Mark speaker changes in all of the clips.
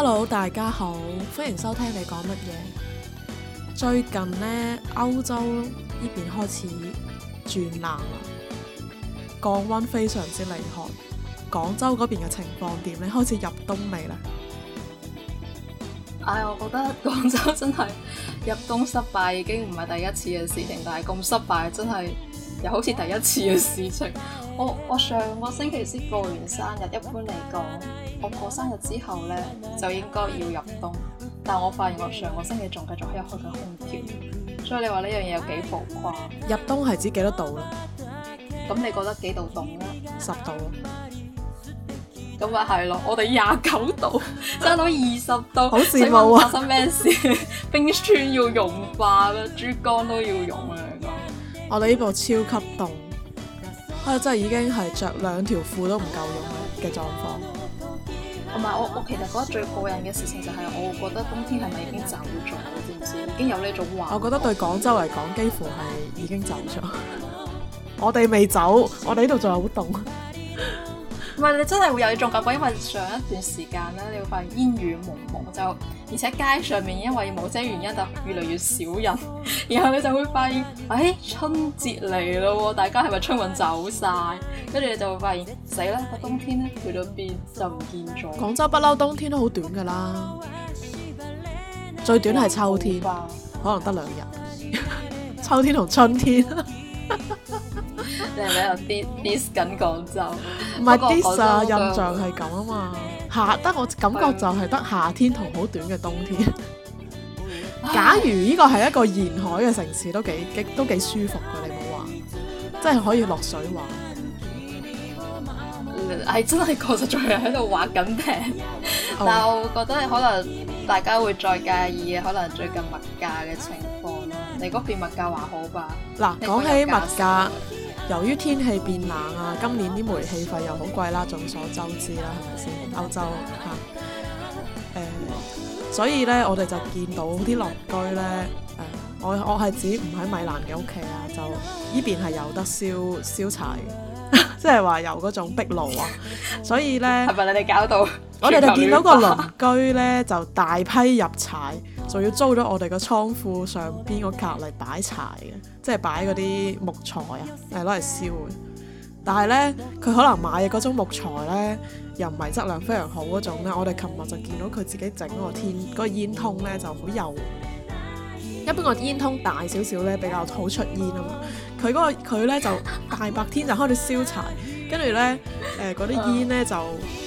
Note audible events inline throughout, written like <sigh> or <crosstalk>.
Speaker 1: Hello，大家好，歡迎收聽你講乜嘢？最近呢，歐洲呢邊開始轉冷啦，降温非常之厲害。廣州嗰邊嘅情況點咧？開始入冬未咧？
Speaker 2: 唉、哎，我覺得廣州真係入冬失敗，已經唔係第一次嘅事情，但係咁失敗真係。又好似第一次嘅事情，我我上個星期先過完生日，一般嚟講，我過生日之後呢，就應該要入冬，但我發現我上個星期仲繼續開開緊空調，所以你話呢樣嘢有幾浮誇？
Speaker 1: 入冬係指幾多度咧？
Speaker 2: 咁你覺得幾度凍呢？十度，咁啊係咯，我哋廿九度， <laughs> 差唔多二十度，好羨慕啊！以發生咩事？ <laughs> <laughs> 冰川要融化啦，珠江都要融啊！你
Speaker 1: 我哋呢度超級凍，啊真係已經係著兩條褲都唔夠用嘅狀況。同
Speaker 2: 埋、啊、我，我其實覺得最過癮嘅事情就係我覺得冬天係咪已經走咗，知唔
Speaker 1: 知？已經有呢種幻覺。我覺得對廣州嚟講，幾乎係已經走咗。 <laughs> <laughs> 我哋未走，我哋呢度仲有好凍。
Speaker 2: 唔係你真係會有呢種感覺，因為上一段時間咧，你會發現煙雨濛濛就，而且街上面因為某些原因就越嚟越少人，然後你就會發現，哎，春節嚟咯喎，大家係咪春運走晒？」跟住你就會發現，死啦個冬天咧去到邊，就唔見咗。廣
Speaker 1: 州不嬲冬天都好短㗎啦，最短係秋天，巴可能得兩日。 <laughs> 秋天同春天。 <laughs>
Speaker 2: 你係咪喺度 diss 緊廣州，唔係 diss 啊，印象
Speaker 1: 係咁啊嘛。夏得我感覺就係得夏天同好短嘅冬天。 <laughs> 假如呢個係一個沿海嘅城市，都幾極都幾舒服嘅。你冇好話，真係可以落水玩。
Speaker 2: 係、
Speaker 1: 哎、真係確實仲係喺度滑緊冰，但我
Speaker 2: 覺得可能大家會再介意嘅，可能最近物價嘅情況啦。你嗰邊物價還好，好吧？
Speaker 1: 嗱、啊，講起物價。由於天氣變冷啊，今年啲煤氣費又好貴啦，眾所周知啦，係咪先？歐洲嚇誒、呃，所以咧，我哋就見到啲鄰居咧，誒、呃，我我係指唔喺米蘭嘅屋企啊，就呢邊係有得燒燒柴，即係話有嗰種壁爐啊， <laughs> 所以咧係咪你哋搞到？ <laughs> 我哋就見到個鄰居咧，就大批入柴，仲要租咗我哋個倉庫上邊個隔嚟擺柴嘅，即係擺嗰啲木材啊，係攞嚟燒嘅。但係呢，佢可能買嘅嗰種木材呢，又唔係質量非常好嗰種咧。我哋琴日就見到佢自己整個天個煙通呢就好幼。一般個煙通大少少呢比較好出煙啊嘛。佢嗰、嗰個佢呢就大白天就開始燒柴，跟住呢，誒嗰啲煙呢就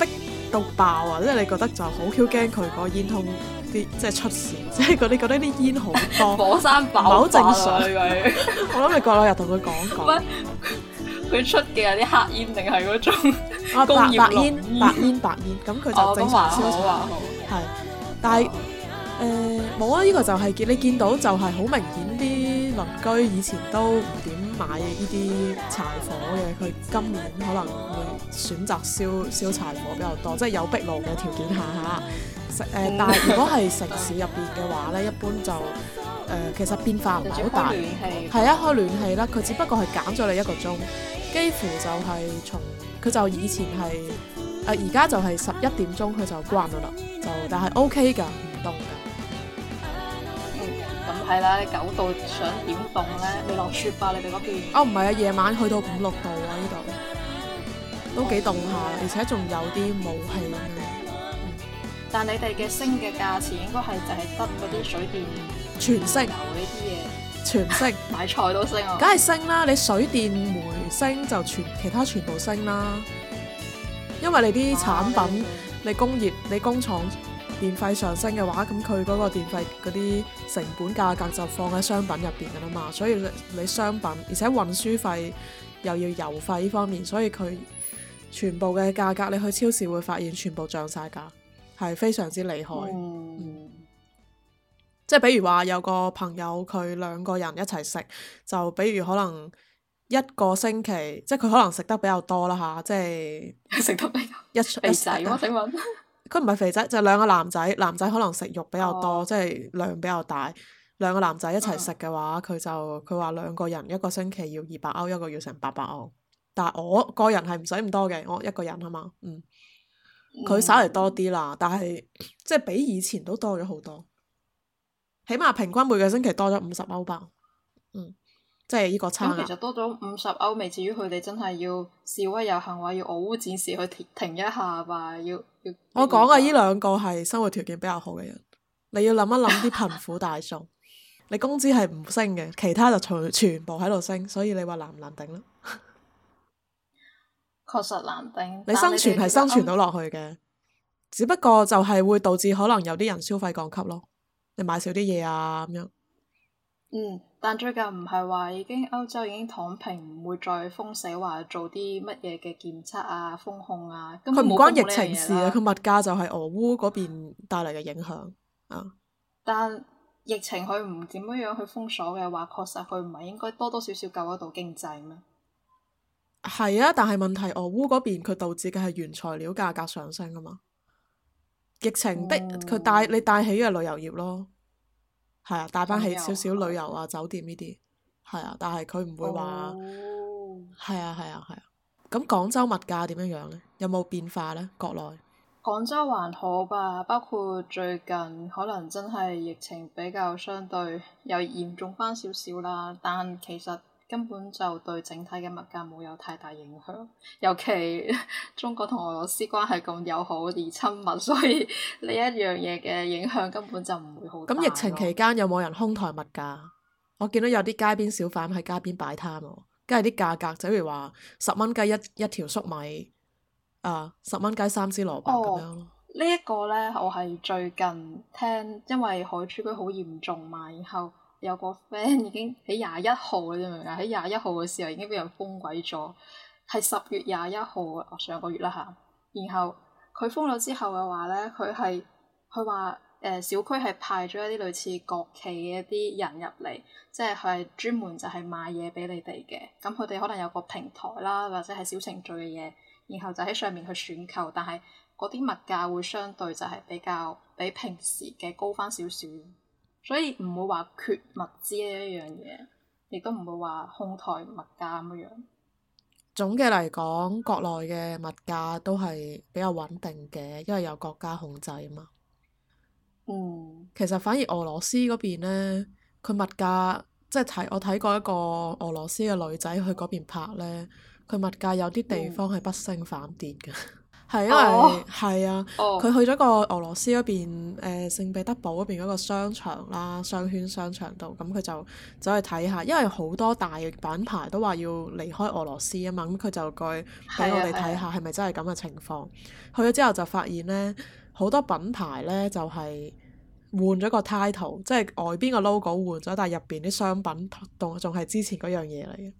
Speaker 1: 逼到爆啊！即係你覺得就好 Q 驚佢個煙通。啲即係出事，即係佢你覺得啲煙好多， <laughs> 火山爆，好正常。佢 <laughs> 我諗你過兩日同佢講講，
Speaker 2: 佢出嘅有啲黑煙定係嗰種工業、啊、白白煙？
Speaker 1: 白煙白煙咁佢就正常少少。係，但係誒冇啊！呢、呢個就係、是、見你見到就係好明顯啲鄰居以前都唔點。買呢啲柴火嘅，佢今年可能會選擇燒燒柴火比較多，即係有壁爐嘅條件下嚇。誒， <laughs> 呃、 <laughs> 但係如果係城市入邊嘅話咧，一般就誒、呃、其實變化唔係好大，暖氣係一開暖氣啦。佢只不過係減咗你一個鐘，幾乎就係從佢就以前係，誒，而家就係十一點鐘佢就關咗啦。就但係 O K 㗎，唔凍。
Speaker 2: 咁係啦，九、啊、度想
Speaker 1: 點凍咧？你落雪吧？你哋嗰邊？哦，唔係啊，夜晚去到五六度啊，呢度都幾凍下、啊，哦、而且仲有啲霧氣。但你哋嘅升嘅價錢應該係
Speaker 2: 就係得嗰啲水電全升呢啲
Speaker 1: 嘢，全升 <laughs> 買菜都升啊，梗係升啦、啊！你水電煤升就全其他全部升啦、啊，因為你啲產品、啊、你工業、你工廠。電費上升嘅話，咁佢嗰個電費嗰啲成本價格就放喺商品入邊噶啦嘛，所以你商品而且運輸費又要油費呢方面，所以佢全部嘅價格，你去超市會發現全部漲晒價，係非常之厲害。即係、嗯嗯、比如話有個朋友佢兩個人一齊食，就比如可能一個星期，即係佢可能食得比較多啦嚇，即係食得比較一食。我想問，佢唔係肥仔，就係、兩個男仔。男仔可能食肉比較多，即係、oh. 量比較大。兩個男仔一齊食嘅話，佢、oh. 就佢話兩個人一個星期要二百歐，一個月成八百歐。但係我個人係唔使咁多嘅，我一個人啊嘛，嗯。佢、oh. 稍為多啲啦，但係即係比以前都多咗好多。起碼平均每個星期多咗五十歐吧。嗯。即係呢個差距。其實
Speaker 2: 多咗五十歐，未至於佢哋真係要示威遊行，話要俄烏戰事去停一下吧？要要。
Speaker 1: 要我講嘅呢兩個係生活條件比較好嘅人，你要諗一諗啲貧苦大眾， <laughs> 你工資係唔升嘅，其他就全全部喺度升，所以你話難唔難頂啦？
Speaker 2: 確 <laughs> 實難頂。你生存係生
Speaker 1: 存到落去嘅，只不過就係會導致可能有啲人消費降級咯，你買少啲嘢啊咁樣。嗯。
Speaker 2: 但最近唔係話已經歐洲已經躺平，唔會再封死，話做啲乜嘢嘅檢測啊、封控啊，佢唔關疫情事
Speaker 1: 啊。佢物價就係俄烏嗰邊帶嚟嘅影響啊。
Speaker 2: 但疫情佢唔點樣樣去封鎖嘅話，確實佢唔係應該多多少少救得到經濟咩？
Speaker 1: 係啊，但係問題俄烏嗰邊佢導致嘅係原材料價格上升啊嘛。疫情逼佢、嗯、帶你帶起嘅旅遊業咯。係啊，帶返起少少旅遊啊，酒店呢啲係啊，但係佢唔會話係啊係啊係啊。咁、啊啊、廣州物價點樣樣咧？有冇變化咧？國內
Speaker 2: 廣州還好吧，包括最近可能真係疫情比較相對又嚴重翻少少啦，但其實。根本就對整體嘅物價冇有太大影響，尤其中國同俄羅斯關係咁友好而親密，所以呢一樣嘢嘅影響根本就唔會好大。
Speaker 1: 咁疫情期間有冇人哄抬物價？我見到有啲街邊小販喺街邊擺攤喎，跟住啲價格就譬如話十蚊雞一一條粟米，啊十蚊雞三支蘿蔔咁、哦、樣。哦這個、
Speaker 2: 呢一個咧，我係最近聽，因為海珠區好嚴重嘛，然後。有個 friend 已經喺廿一號啦，你明唔明啊？喺廿一號嘅時候已經俾人封鬼咗，係十月廿一號、哦、上個月啦嚇。然後佢封咗之後嘅話咧，佢係佢話誒小區係派咗一啲類似國企嘅一啲人入嚟，即係佢係專門就係買嘢俾你哋嘅。咁佢哋可能有個平台啦，或者係小程序嘅嘢，然後就喺上面去選購，但係嗰啲物價會相對就係比較比平時嘅高返少少。所以唔會話缺物資呢一樣嘢，亦都唔會話哄抬物價咁樣。
Speaker 1: 總嘅嚟講，國內嘅物價都係比較穩定嘅，因為有國家控制啊嘛。嗯。其實反而俄羅斯嗰邊呢，佢物價即係睇我睇過一個俄羅斯嘅女仔去嗰邊拍呢，佢物價有啲地方係不升反跌嘅。嗯係因為係啊，佢、oh. oh. 啊、去咗個俄羅斯嗰邊，誒、呃、聖彼得堡嗰邊嗰個商場啦，商圈商場度，咁佢就走去睇下，因為好多大品牌都話要離開俄羅斯啊嘛，咁佢就去俾我哋睇下係咪真係咁嘅情況。啊啊、去咗之後就發現咧，好多品牌咧就係、是、換咗個 title，即係外邊個 logo 換咗，但係入邊啲商品仲仲係之前嗰樣嘢嚟嘅。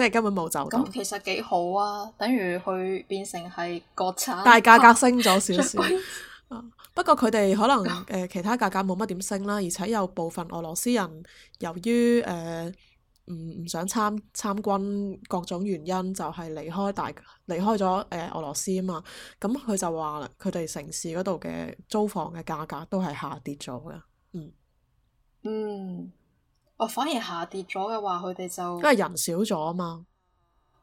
Speaker 1: 即係根本冇走咁，其
Speaker 2: 實幾好啊！等於佢變成係國產，但係價格升咗少少。
Speaker 1: <laughs> 不過佢哋可能誒，其他價格冇乜點升啦，而且有部分俄羅斯人由於誒唔唔想參參軍，各種原因就係、是、離開大離開咗誒俄羅斯啊嘛。咁佢就話佢哋城市嗰度嘅租房嘅價格都係下跌咗嘅。嗯嗯。
Speaker 2: 哦，反而下跌咗嘅話，佢哋就因為
Speaker 1: 人少咗啊嘛。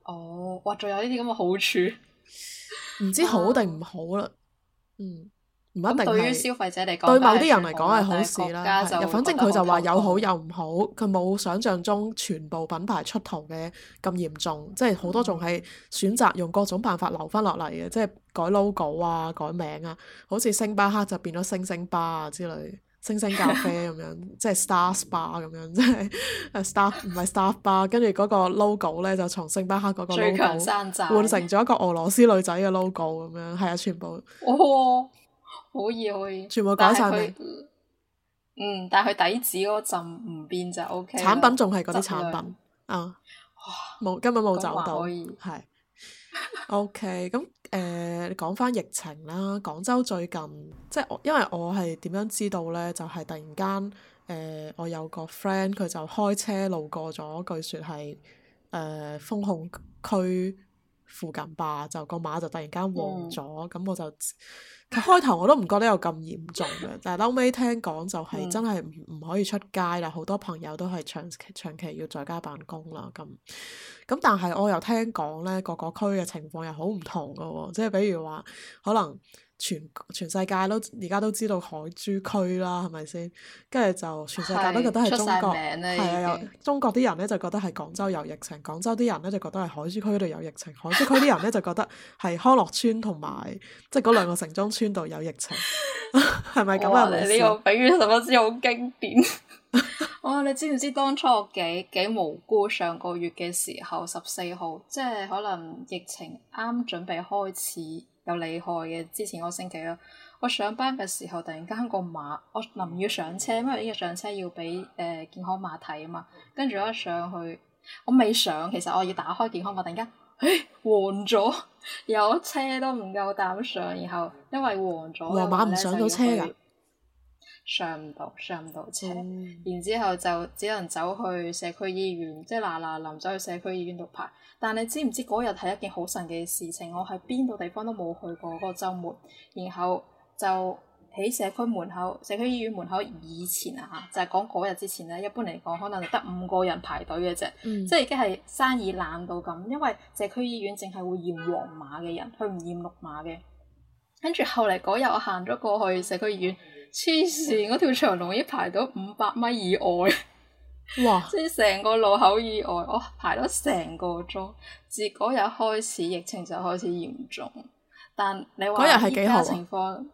Speaker 2: 哦，哇，仲有呢啲咁嘅好處，唔知好定唔好啦。 <laughs> 啊、
Speaker 1: 嗯，唔一定。對於消
Speaker 2: 費者嚟講，對某啲人嚟講係好事啦。反正佢就話
Speaker 1: 有好有唔好，佢冇想象中全部品牌出逃嘅咁嚴重，嗯、即係好多仲係選擇用各種辦法留翻落嚟嘅，即係改 logo 啊、改名啊，好似星巴克就變咗星星巴啊之類。星星咖啡咁 <laughs> 樣，即 <laughs> 係 Star Spa 咁樣，即係 Star 唔係 Star Bar，跟住嗰個 logo 咧就從星巴克嗰個 logo 最強山寨換成咗一個俄羅斯女仔嘅 logo 咁樣，係啊，全部
Speaker 2: 哇可以可以，可以全部改曬。嗎嗯，但係佢底子嗰陣唔變就 OK。產品仲係嗰啲產品
Speaker 1: 量啊，冇哇根本冇找到，係 OK 咁。你、uh, 講翻疫情啦，廣州最近即係我，因為我係點樣知道咧？就係、是、突然間，誒、uh, 我有個 friend 佢就開車路過咗，據說係誒封控區附近吧，就個碼就突然間黃咗，咁 Yeah. 我就。佢開頭我都唔覺得有咁嚴重嘅，但係後尾聽講就係真係唔唔可以出街啦，好多朋友都係長期長期要在家辦公啦咁。咁但係我又聽講咧，各個區嘅情況又好唔同㗎喎，即係比如話可能。全全世界都而家都知道海珠區啦，係咪先？跟住就全世界都覺得係中國，係啊！的經中國啲人咧就覺得係廣州有疫情，廣州啲人咧就覺得係海珠區度有疫情，海珠區啲人咧就覺得係康樂村同埋即係嗰兩個城中村度有疫情，係咪咁啊？你呢個比喻十分
Speaker 2: 之好經典哇！我你知唔知當初幾幾無辜？上個月嘅時候十四號，即係可能疫情啱準備開始。有厲害嘅，之前嗰個星期咯，我上班嘅時候突然間個碼，我臨要上車，因為呢個上車要畀誒健康碼睇啊嘛，跟住我一上去，我未上其實我要打開健康碼，突然間誒黃咗， <laughs> 有車都唔夠膽上，然後因為黃咗，黃碼唔上到車㗎。上唔到上唔到車，嗯、然之後就只能走去社區醫院，嗯、即係嗱嗱臨走去社區醫院度排。但你知唔知嗰日係一件好神嘅事情？我係邊度地方都冇去過嗰、嗰個週末，然後就喺社區門口、社區醫院門口，以前啊就係講嗰日之前呢，一般嚟講可能就得五個人排隊嘅啫，嗯、即係已經係生意冷到咁。因為社區醫院淨係會驗黃碼嘅人，佢唔驗綠碼嘅。跟住後嚟嗰日，我行咗過去社區醫院。黐線，嗰條長龍已經排到五百米以外， <laughs> 哇！即係成個路口以外，我排咗成個鐘。自嗰日開始，疫情就開始嚴重。但你話依家情況，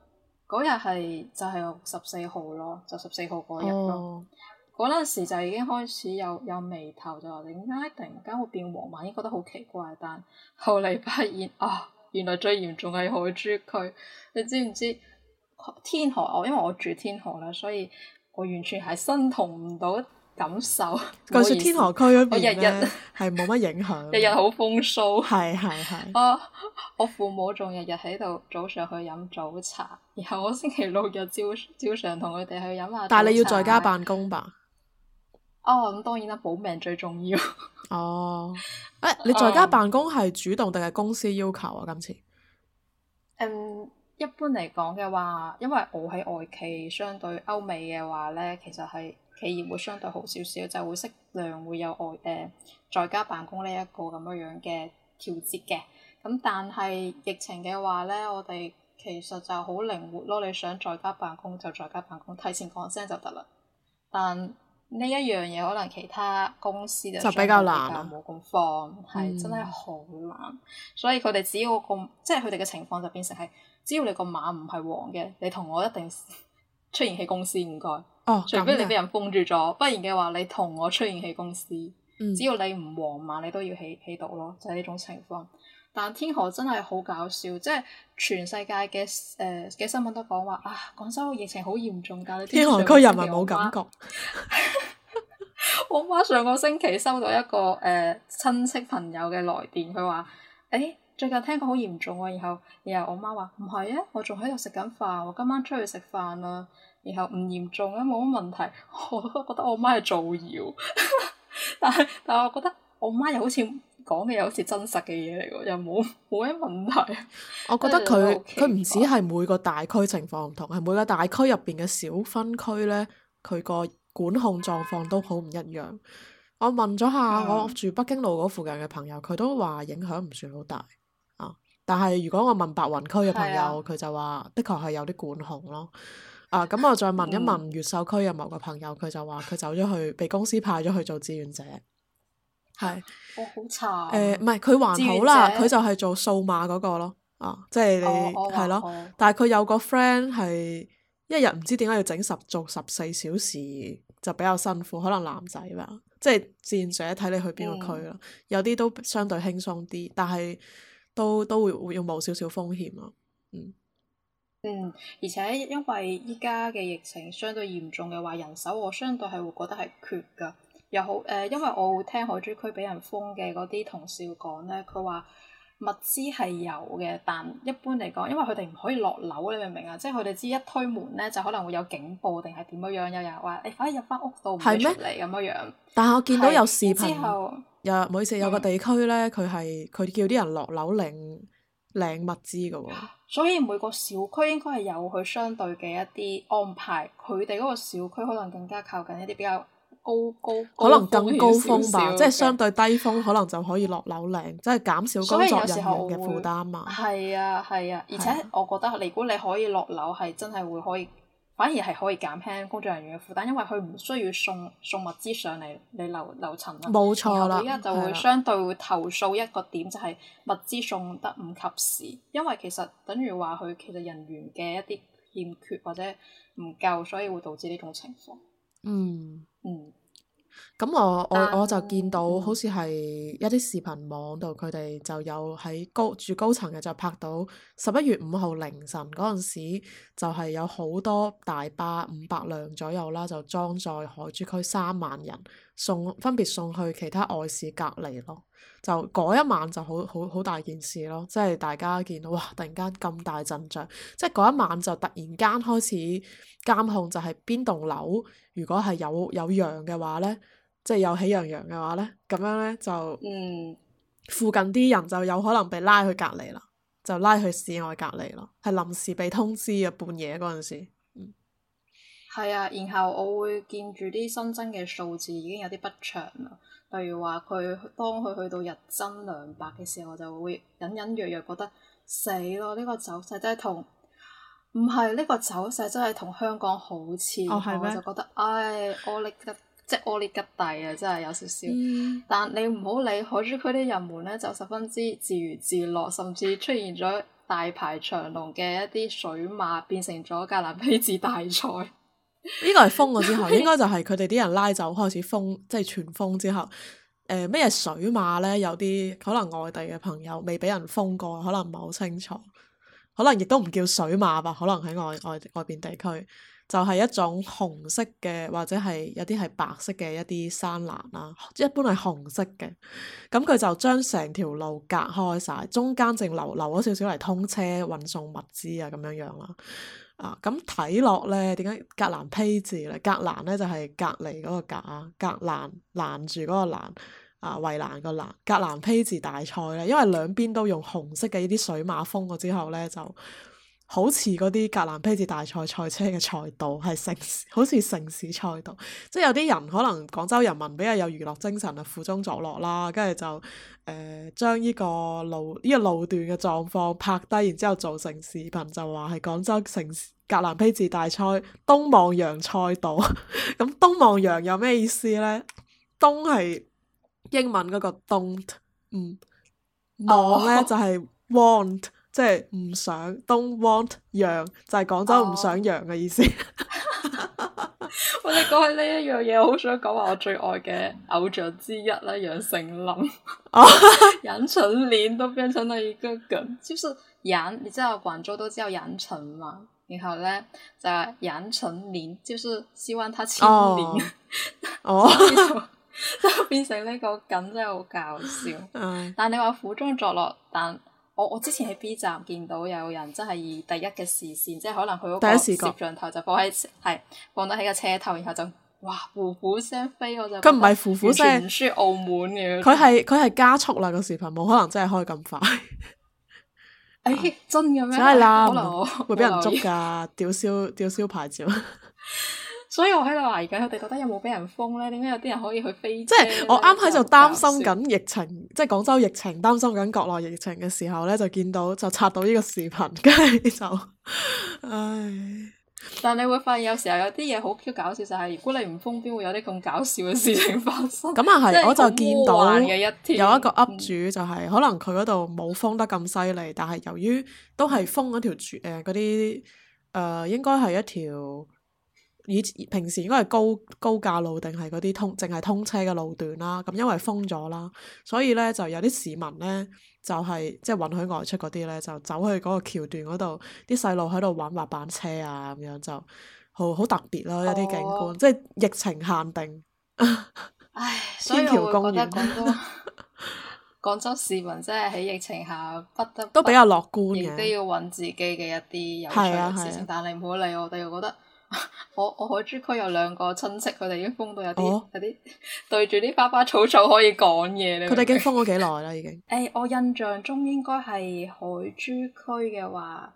Speaker 2: 嗰日係幾號？就係十四號咯，就十四號嗰日咯。嗰陣、oh. 時就已經開始有有眉頭，就話點解突然間會變黃碼，已經覺得好奇怪。但後嚟發現啊，原來最嚴重係海珠區。你知唔知？天河我因為我住天河啦，所以我完全係身同唔到感受。據說 <laughs> 天河區嗰日咧，
Speaker 1: 係冇乜影響。日日好風騷。係係係。
Speaker 2: Uh, 我父母仲日日喺度早上去飲早茶，然後我星期六日朝朝常同佢哋去飲下茶。但係你要在家
Speaker 1: 辦公吧？哦，咁當然啦，保命最重要。哦。誒，你在家辦公係主動定係公司要求啊？今次？嗯。
Speaker 2: 一般嚟講嘅話，因為我喺外企，相對歐美嘅話呢，其實係企業會相對好少少，就是、會適量會有外誒、呃、在家辦公呢一個咁樣樣嘅調節嘅。咁但係疫情嘅話呢，我哋其實就好靈活咯。你想在家辦公就在家辦公，提前講聲就得啦。但呢一樣嘢可能其他公司就比較難比較冇咁放，係、嗯、真係好難。所以佢哋只要、嗰個即係佢哋嘅情況就變成係。只要你個碼唔係黃嘅，你同我一定出現喺公司唔該。
Speaker 1: 哦，除非你俾人
Speaker 2: 封住咗，不然嘅話你同我出現喺公司。嗯、只要你唔黃碼，你都要起起到咯，就係、是、呢種情況。但天河真係好搞笑，即係全世界嘅誒嘅新聞都講話啊，廣州疫情好嚴重，但係天河區人民
Speaker 1: 冇感覺。
Speaker 2: <laughs> <laughs> 我媽上個星期收到一個誒、呃、親戚朋友嘅來電，佢話：哎、欸。最近聽講好嚴重啊。然後然後我媽話唔係啊，我仲喺度食緊飯，我今晚出去食飯啊，然後唔嚴重啊，冇乜問題。我都覺得
Speaker 1: 我媽係造謠 <laughs> ，
Speaker 2: 但係但係我覺得我媽又好似講嘅又好似真實嘅嘢嚟喎，又冇冇咩問題。我覺得佢
Speaker 1: 佢唔止係每個大區情況唔同，係每個大區入邊嘅小分區咧，佢個管控狀況都好唔一樣。我問咗下、嗯、我住北京路嗰附近嘅朋友，佢都話影響唔算好大。但係如果我問白雲區嘅朋友，佢、啊、就話的確係有啲管控咯。啊，咁我再問一問越秀區嘅某個朋友，佢、嗯、就話佢走咗去，被公司派咗去做志願者，係，
Speaker 2: 我好、哦、慘。誒、呃，唔係佢還好啦，佢就係
Speaker 1: 做數碼嗰個咯。啊，即係你係咯，哦、但係佢有個 friend 係一日唔知點解要整十做十四小時，就比較辛苦。可能男仔啦，即係志願者睇你去邊個區啦，嗯、有啲都相對輕鬆啲，但係。都都會有冇少少風險咯、啊，嗯嗯，
Speaker 2: 而且因為依家嘅疫情相對嚴重嘅話，人手我相對係會覺得係缺噶，又好誒、呃，因為我會聽海珠區俾人封嘅嗰啲同事講咧，佢話。物資係有嘅，但一般嚟講，因為佢哋唔可以落樓，你明唔明啊？即係佢哋知一推門咧，就可能會有警報定係點樣樣，有人話你快入翻屋度唔出嚟咁樣。
Speaker 1: 但係我見到有視頻，後有唔好意思有個地區咧，佢係佢叫啲人落樓領領物資嘅喎。
Speaker 2: 所以每個小區應該係有佢相對嘅一啲安排，佢哋嗰個小區可能更加靠近一啲比較。高高，高可能更高風險吧，點點即係相
Speaker 1: 對低風險可能就可以落樓領，即係減少工作人員嘅負擔嘛。
Speaker 2: 係 <noise> 啊係啊，啊，而且、啊、我覺得，如果你可以落樓，係真係會可以，反而係可以減輕工作人員嘅負擔，因為佢唔需要送送物資上嚟你樓樓層啦。冇錯啦，而家就會相對會投訴一個點、啊、就係物資送得唔及時，因為其實等於話佢其實人員嘅一啲欠缺或者唔夠，所以會導致呢種情況。
Speaker 1: 嗯，咁、嗯嗯、我我我就見到好似係一啲視頻網度，佢哋就有喺高住高層嘅就拍到十一月五號凌晨嗰陣時，就係有好多大巴五百輛左右啦，就裝載海珠區三萬人送分別送去其他外市隔離咯。就嗰一晚就好好好大件事咯，即係大家見到哇，突然間咁大陣仗。即係嗰一晚就突然間開始監控就，就係邊棟樓如果係有有羊嘅話咧，即係有喜洋洋嘅話咧，咁樣咧就附近啲人就有可能被拉去隔離啦，就拉去市外隔離咯，係臨時被通知嘅半夜嗰陣時。
Speaker 2: 係、嗯、啊，然後我會見住啲新增嘅數字已經有啲不祥啦。例如話，佢當佢去到日增兩百嘅時候，我就會隱隱約約，約覺得死咯！呢、呢個走勢真係同，唔係呢個走勢真係同香港好似，哦、我就覺得唉，蝦力吉，It, 即蝦力吉地啊，真係有少少。嗯、但你唔好理海珠區啲人們呢，就十分之自娛自，自樂，甚至出現咗大排長龍嘅一啲水馬，
Speaker 1: 變成咗格蘭披治大賽。呢個係封咗之後， <laughs> 應該就係佢哋啲人拉走開始封，即係全封之後。誒、呃，咩水馬呢？有啲可能外地嘅朋友未俾人封過，可能唔係好清楚。可能亦都唔叫水馬吧？可能喺外外外邊地區，就係一種紅色嘅，或者係有啲係白色嘅一啲山欄啦。一般係紅色嘅，咁佢就將成條路隔開晒，中間淨留留咗少少嚟通車運送物資啊，咁樣樣啦。啊，咁睇落咧，點解隔籬批字咧？隔籬咧就係、是、隔離嗰個隔，隔籬攔住嗰個籬，啊圍籬個籬，隔籬批字大賽咧，因為兩邊都用紅色嘅呢啲水馬封咗之後咧就。好似嗰啲格蘭披治大賽賽車嘅賽道，係城市，好似城市賽道。即係有啲人可能廣州人民比較有娛樂精神啊，苦中作樂啦，跟住就誒、呃、將呢個路呢、呢個路段嘅狀況拍低，然之後做成視頻，就話係廣州城市格蘭披治大賽東望洋賽道。咁 <laughs> 東望洋有咩意思咧？東係英文嗰個 don't，嗯，望咧、哦、就係、是、want 即係唔想，don't want 羊，就係廣州唔想羊嘅意思。Oh.
Speaker 2: <laughs> <laughs> 我哋講起呢一樣嘢，好想講話我最愛嘅偶像之一啦，楊丞琳。楊丞琳都變成了一個梗，就是羊，你知道廣州都叫羊城嘛？然後咧就楊丞琳，就是希望他清零。
Speaker 1: 哦 <laughs> ，oh. oh.
Speaker 2: <laughs> 就變成呢個梗真係好搞笑。嗯，um. 但你話苦中作樂，但。我我之前喺 B 站見到有人真係以第一嘅視線，即係可能佢嗰個攝像頭就放喺係放得喺個車頭，然後就哇呼呼聲飛，我就佢唔係呼呼聲，唔輸澳門嘅，佢係
Speaker 1: 佢係加速啦、呢個視頻，冇可能真係開咁快。
Speaker 2: <laughs> 欸、真嘅咩？梗係啦，可能會俾人捉
Speaker 1: 㗎， <laughs> 吊銷吊銷牌照。 <laughs>
Speaker 2: 所以我喺度話，而家佢哋覺得有冇俾人封咧？點解有啲人可以去飛？即係我啱喺度擔心緊
Speaker 1: 疫情， <laughs> 即係廣州疫情，擔心緊國內疫情嘅時候咧，就見到就刷到呢個視頻，跟 <laughs> 住就，
Speaker 2: 唉！但係你會發現有時候有啲嘢好 Q 搞笑，就係、是、如果你唔封，邊會有啲咁搞笑嘅事情發生？咁啊係， <laughs> 我就見到
Speaker 1: 有一個 up 主就係、是，嗯、可能佢嗰度冇封得咁犀利，但係由於都係封嗰條誒嗰啲，誒應該係一條。呃以平時應該係高高架路定係嗰啲通淨係通車嘅路段啦，咁因為封咗啦，所以咧就有啲市民咧就係、是、即係允許外出嗰啲咧，就走去嗰個橋段嗰度，啲細路喺度玩滑板車啊，咁樣就好好特別咯，有啲景觀，oh. 即係疫情限定。唉、 <laughs> <laughs> 哎，所以我會覺得
Speaker 2: 廣州 <laughs> 市民真係喺疫情下不得不都比較樂觀嘅，都要揾自己嘅一啲有趣嘅事情，啊啊啊、但係你唔好理我，我哋又覺得。 <laughs> <laughs> 我我海珠區有兩個親戚，佢哋已經封到有啲有啲對住啲花花草草可以講嘢啦。
Speaker 1: 佢哋已經封咗幾耐啦，已經。
Speaker 2: 誒，我印象中應該係海珠區嘅話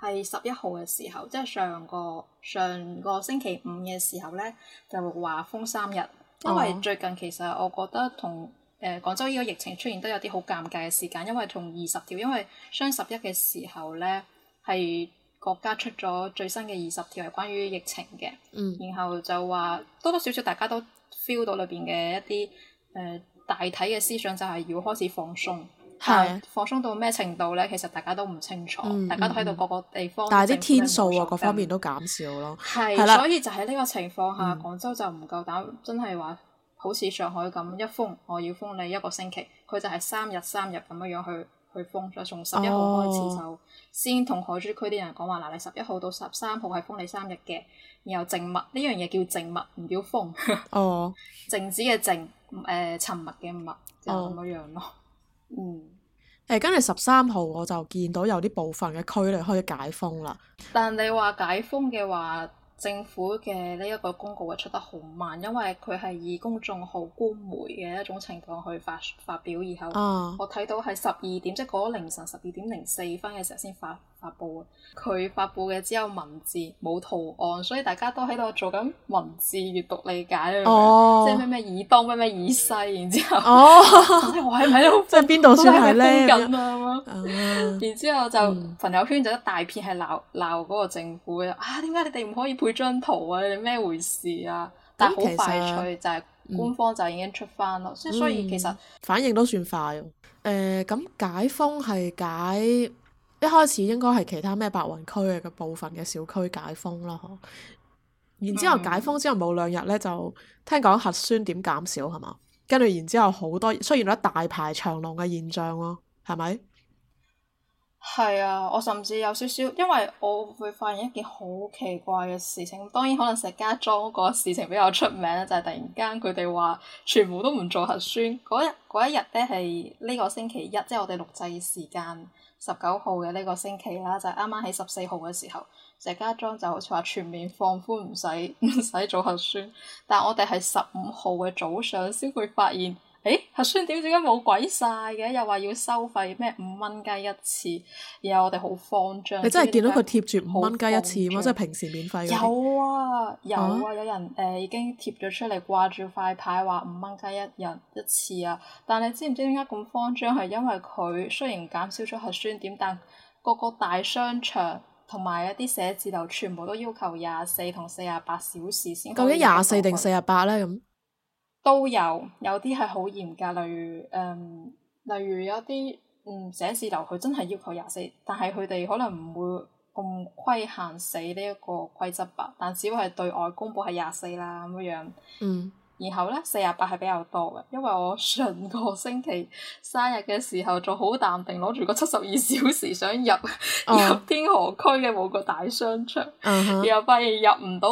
Speaker 2: 係十一號嘅時候，即係上個上個星期五嘅時候咧就話封三日，因為最近其實我覺得同誒廣州呢個疫情出現都有啲好尷尬嘅時間，因為同二十條，因為雙十一嘅時候咧係。國家出咗最新嘅二十條係關於疫情嘅，嗯、然後就話多多少少大家都 feel 到裏邊嘅一啲誒、呃、大體嘅思想就係要開始放鬆，的但放鬆到咩程度咧，其實大家都唔清楚，嗯、大家都喺度各個地方、嗯，嗯、但係啲天數啊各方面都
Speaker 1: 減少咯。係的，了所
Speaker 2: 以就喺呢個情況下，廣州就唔夠膽真係話好似上海咁一,一封我要封你一個星期，佢就係三日三日咁樣樣去。佢封咗，從十一號開始就、oh. 先同海珠區啲人講話，嗱你十一號到十三號係封你三日嘅，然後靜默呢樣嘢叫靜默，唔叫封。哦、 <laughs> oh.，靜止嘅靜，誒沉默嘅默，就咁樣咯。
Speaker 1: Oh. 嗯。誒、欸，跟住十三號我就見到有啲部分嘅區嚟可以解封啦。
Speaker 2: 但你話解封嘅話，政府嘅呢一個公告，佢出得好慢，因為佢係以公眾號官媒嘅一種情況去發發表，然後，oh. 我睇到係十二點，即係嗰個凌晨十二點零四分嘅時候先發。佢發佈嘅只有文字，冇圖案，所以大家都喺度做緊文字閱讀，讀理解，oh. 即係咩咩以東咩咩以西，然之後 <laughs> 即係我喺喺度，即係邊度先係咧？緊啊咁樣，然之後就、嗯、朋友圈就一大片係鬧鬧嗰個政府嘅，啊，點解你哋唔可以配張圖啊？你哋咩回事啊？但係好快脆，就係官方就已經出翻咯、嗯。所以其實、嗯、
Speaker 1: 反應都算快。誒、呃，咁解封係解。一開始應該係其他咩？白雲區嘅部分嘅小區解封咯，嗯、然之後解封之後冇兩日咧，就聽講核酸點減少係嘛？跟住然之後好多出現咗大排長龍嘅現象咯，係咪？
Speaker 2: 係啊，我甚至有少少，因為我會發現一件好奇怪嘅事情。當然可能石家莊嗰個事情比較出名啦，就係、是、突然間佢哋話全部都唔做核酸。嗰日嗰一日咧係呢個星期一，即、就、係、是、我哋錄製時間。十九號嘅呢個星期啦，就啱啱喺十四號嘅時候，石家莊就好似話全面放寬，唔使唔使做核酸，但我哋係十五號嘅早上先會發現。誒、欸、核酸點點解冇鬼晒嘅？又話要收費咩五蚊雞一次，然後我哋好慌張。你真係見到佢
Speaker 1: 貼住五蚊雞一次，我真係平時免費嗰有
Speaker 2: 啊，有啊，啊有人誒、呃、已經貼咗出嚟掛住塊牌話五蚊雞一日一次啊！但你知唔知點解咁慌張？係因為佢雖然減少咗核酸點，但個個大商場同埋一啲寫字樓全部都要求廿四同四十八小時先。究竟廿
Speaker 1: 四定四十八咧咁？
Speaker 2: 都有，有啲係好嚴格，例如誒、嗯，例如有啲嗯寫字樓，佢真係要求廿四，但係佢哋可能唔會咁規限死呢一個規則吧，但只會係對外公佈係廿四啦咁樣。嗯。然後咧，四十八係比較多嘅，因為我上個星期生日嘅時候，就好淡定攞住個七十二小時想入、哦、入天河區嘅某個大商場，嗯、哼然後發現入唔到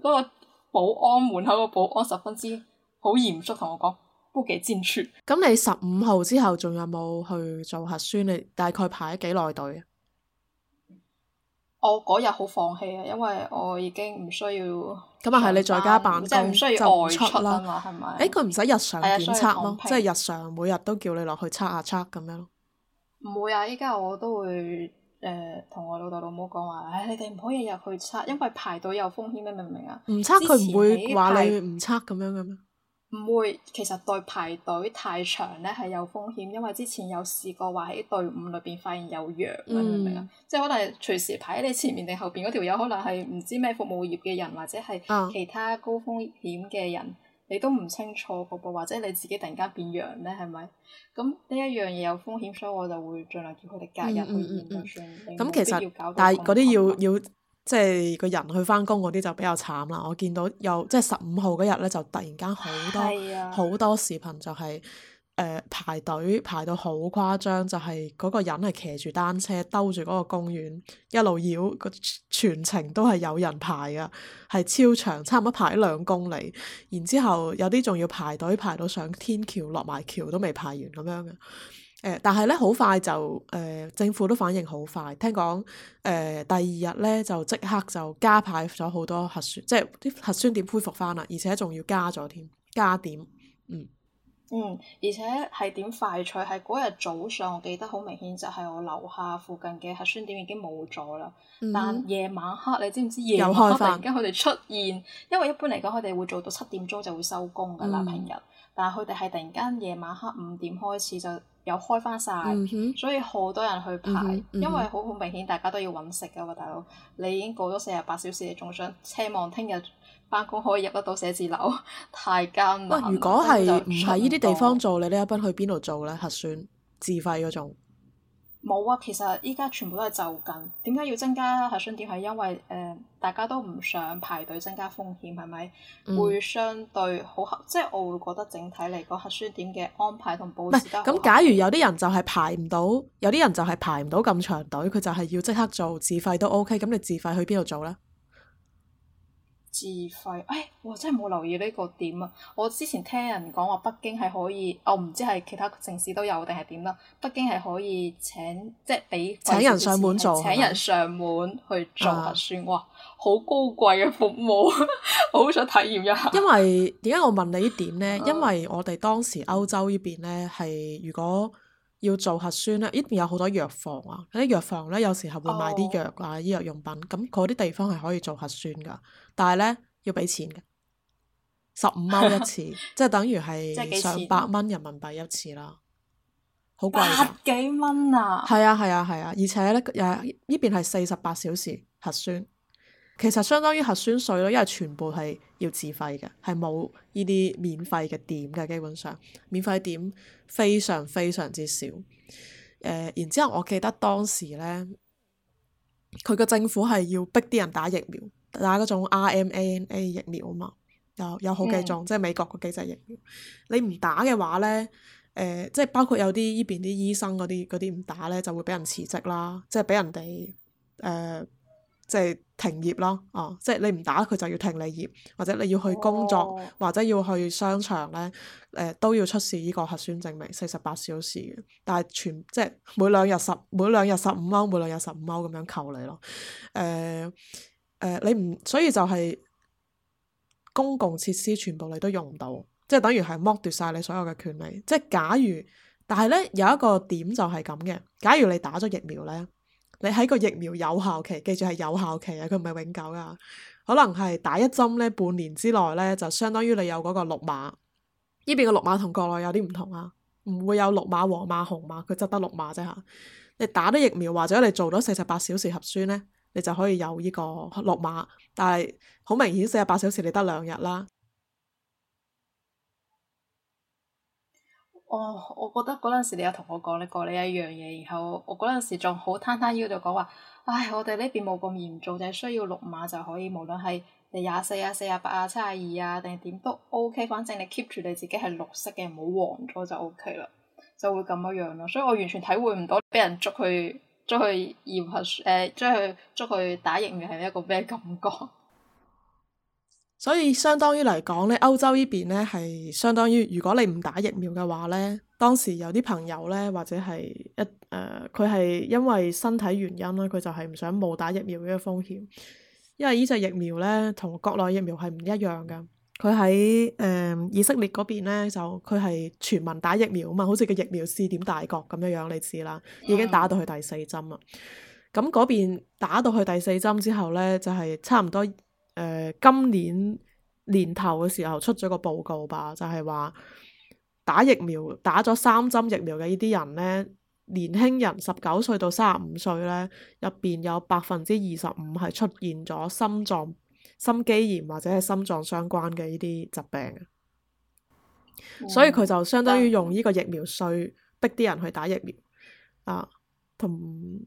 Speaker 2: 嗰個保安門口嘅保安十分之
Speaker 1: ～好嚴肅同我講，都幾尖酸。咁你十五號之後仲有冇去做核酸？你大概排咗幾耐隊啊？
Speaker 2: 我嗰日好放棄啊，因為我已經唔需要。
Speaker 1: 咁啊，係你在家辦公就唔需要外出啦，
Speaker 2: 係咪？誒，佢唔
Speaker 1: 使日常檢測咯，即係日、日常每日都叫你落去測下測咁樣。
Speaker 2: 唔會啊！依家我都會誒同、呃、我老豆老母講話，誒、哎、你哋唔可以入去測，因為排隊有風險，明你明唔明啊？唔測佢唔會話你唔
Speaker 1: 測咁樣嘅咩？
Speaker 2: 唔會，其實對排隊太長咧係有風險，因為之前有試過話喺隊伍裏邊發現有羊，明唔明啊？即係可能隨時排喺你前面定後邊嗰條友，可能係唔知咩服務業嘅人，或者係其他高風險嘅人，你都唔清楚、嗰個噃，或者你自己突然間變羊咧，係咪？咁呢一樣嘢有風險，所以我就會盡量叫佢哋隔日去
Speaker 1: 現場算，冇、嗯嗯嗯嗯嗯、必要搞到咁麻煩。嗯嗯嗯嗯即係個人去翻工嗰啲就比較慘啦。我見到有即係十五號嗰日咧，就突然間好多好、啊、多視頻、就係，就係誒排隊排到好誇張，就係、是、嗰個人係騎住單車兜住嗰個公園一路繞，個全程都係有人排嘅，係超長，差唔多排兩公里。然之後有啲仲要排隊排到上天橋落埋橋都未排完咁樣嘅。但係咧，好快就誒、呃，政府都反應好快。聽講誒、呃，第二日咧就即刻就加派咗好多核酸，即係啲核酸點恢復翻啦，而且仲要加咗添，加點，嗯。嗯，
Speaker 2: 而且係點快脆？係嗰日早上，我記得好明顯，就係我樓下附近嘅核酸點已經冇咗啦。嗯、但夜晚黑，你知唔知夜晚黑突然間佢哋出現？因為一般嚟講，佢哋會做到七點鐘就會收工㗎啦，嗯、平日。但係佢哋係突然間夜晚黑五點開始就，又開翻晒，嗯、哼所以好多人去排，嗯嗯、因為好好明顯，大家都要揾食㗎嘛，大佬。你已經過咗四十八小時，你仲想奢望聽日翻工可以入得到寫字樓， <laughs> 太艱難。如果係唔係呢啲
Speaker 1: 地方做，你 <laughs> 呢一筆去邊度做咧？核酸、自費嗰種。
Speaker 2: 冇啊，其實依家全部都係就近。點解要增加核酸點？係因為誒、呃，大家都唔想排隊，增加風險係咪？是是嗯、會相對好合，即係我會覺得整體嚟講核酸點嘅安排同佈置
Speaker 1: 咁，嗯、假如有啲人就係排唔到，有啲人就係排唔到咁長隊，佢就係要即刻做自費都 OK。咁你自費去邊度做咧？
Speaker 2: 自費，哎，我真係冇留意呢個點啊！我之前聽人講話北京係可以，我、哦、唔知係其他城市都有定係點啦。北京係可以請即係畀，請人上門做，是請人上門去做核酸，哇吧！好高貴嘅服務， <laughs> 我好想體驗一下。
Speaker 1: 因為點解我問你點呢點咧？因為我哋當時歐洲邊呢邊咧係如果。要做核酸呢，依邊有好多藥房啊！嗰啲藥房呢，有時候會賣啲藥啊、oh. 醫藥用品，咁嗰啲地方係可以做核酸噶，但係呢，要畀錢嘅，十五蚊一次， <laughs> 即係等於係上百蚊人民幣一次啦，好貴啊！百幾蚊啊？係啊係啊係啊！而且呢，又係依邊係四十八小時核酸。其實相當於核酸稅咯，因為全部係要自費嘅，係冇呢啲免費嘅點嘅，基本上免費點非常非常之少。誒、呃，然之後我記得當時咧，佢個政府係要逼啲人打疫苗，打嗰種 mRNA 疫苗啊嘛，有有好幾種，嗯、即係美國個幾隻疫苗。你唔打嘅話咧，誒、呃，即係包括有啲依邊啲醫生嗰啲嗰啲唔打咧，就會俾人辭職啦，即係俾人哋誒。呃即係停業咯，哦，即係你唔打佢就要停你業，或者你要去工作、哦、或者要去商場咧，誒、呃、都要出示呢個核酸證明四十八小時嘅，但係全即係每兩日十每兩日十五歐每兩日十五歐咁樣扣你咯，誒、呃、誒、呃、你唔所以就係公共設施全部你都用唔到，即係等於係剝奪晒你所有嘅權利。即係假如，但係咧有一個點就係咁嘅，假如你打咗疫苗咧。你喺個疫苗有效期，記住係有效期啊！佢唔係永久㗎，可能係打一針咧，半年之內咧就相當於你有嗰個綠碼。呢邊嘅綠碼同國內有啲唔同啊，唔會有綠碼、黃碼、紅碼，佢淨得綠碼啫嚇。你打咗疫苗或者你做咗四十八小時核酸咧，你就可以有呢個綠碼。但係好明顯，四十八小時你得兩日啦。
Speaker 2: 哦，oh, 我覺得嗰陣時你有同我講呢、呢個呢一樣嘢，然後我嗰陣時仲好攤攤腰就講話，唉，我哋呢邊冇咁嚴重，就係需要綠碼就可以，無論係誒廿四啊、四廿八啊、七廿二啊，定係點都 OK，反正你 keep 住你自己係綠色嘅，唔好黃咗就 O K 啦，就會咁樣樣咯。所以我完全體會唔到俾人捉去捉去驗核酸，誒、呃，捉去捉去打疫苗係一個咩感覺？
Speaker 1: 所以相當於嚟講咧，歐洲呢邊咧係相當於如果你唔打疫苗嘅話咧，當時有啲朋友咧或者係一誒佢係因為身體原因啦，佢就係唔想冒打疫苗呢個風險，因為呢隻疫苗咧同國內疫苗係唔一樣噶。佢喺誒以色列嗰邊咧就佢係全民打疫苗啊嘛，好似個疫苗試點大國咁樣樣，你知啦，已經打到去第四針啦。咁嗰邊打到去第四針之後咧，就係、是、差唔多。呃、今年年頭嘅時候出咗個報告吧，就係、話打疫苗打咗三針疫苗嘅呢啲人呢，年輕人十九歲到三十五歲呢，入邊有百分之二十五係出現咗心臟心肌炎或者係心臟相關嘅呢啲疾病。嗯、所以佢就相當於用呢個疫苗稅逼啲人去打疫苗啊同。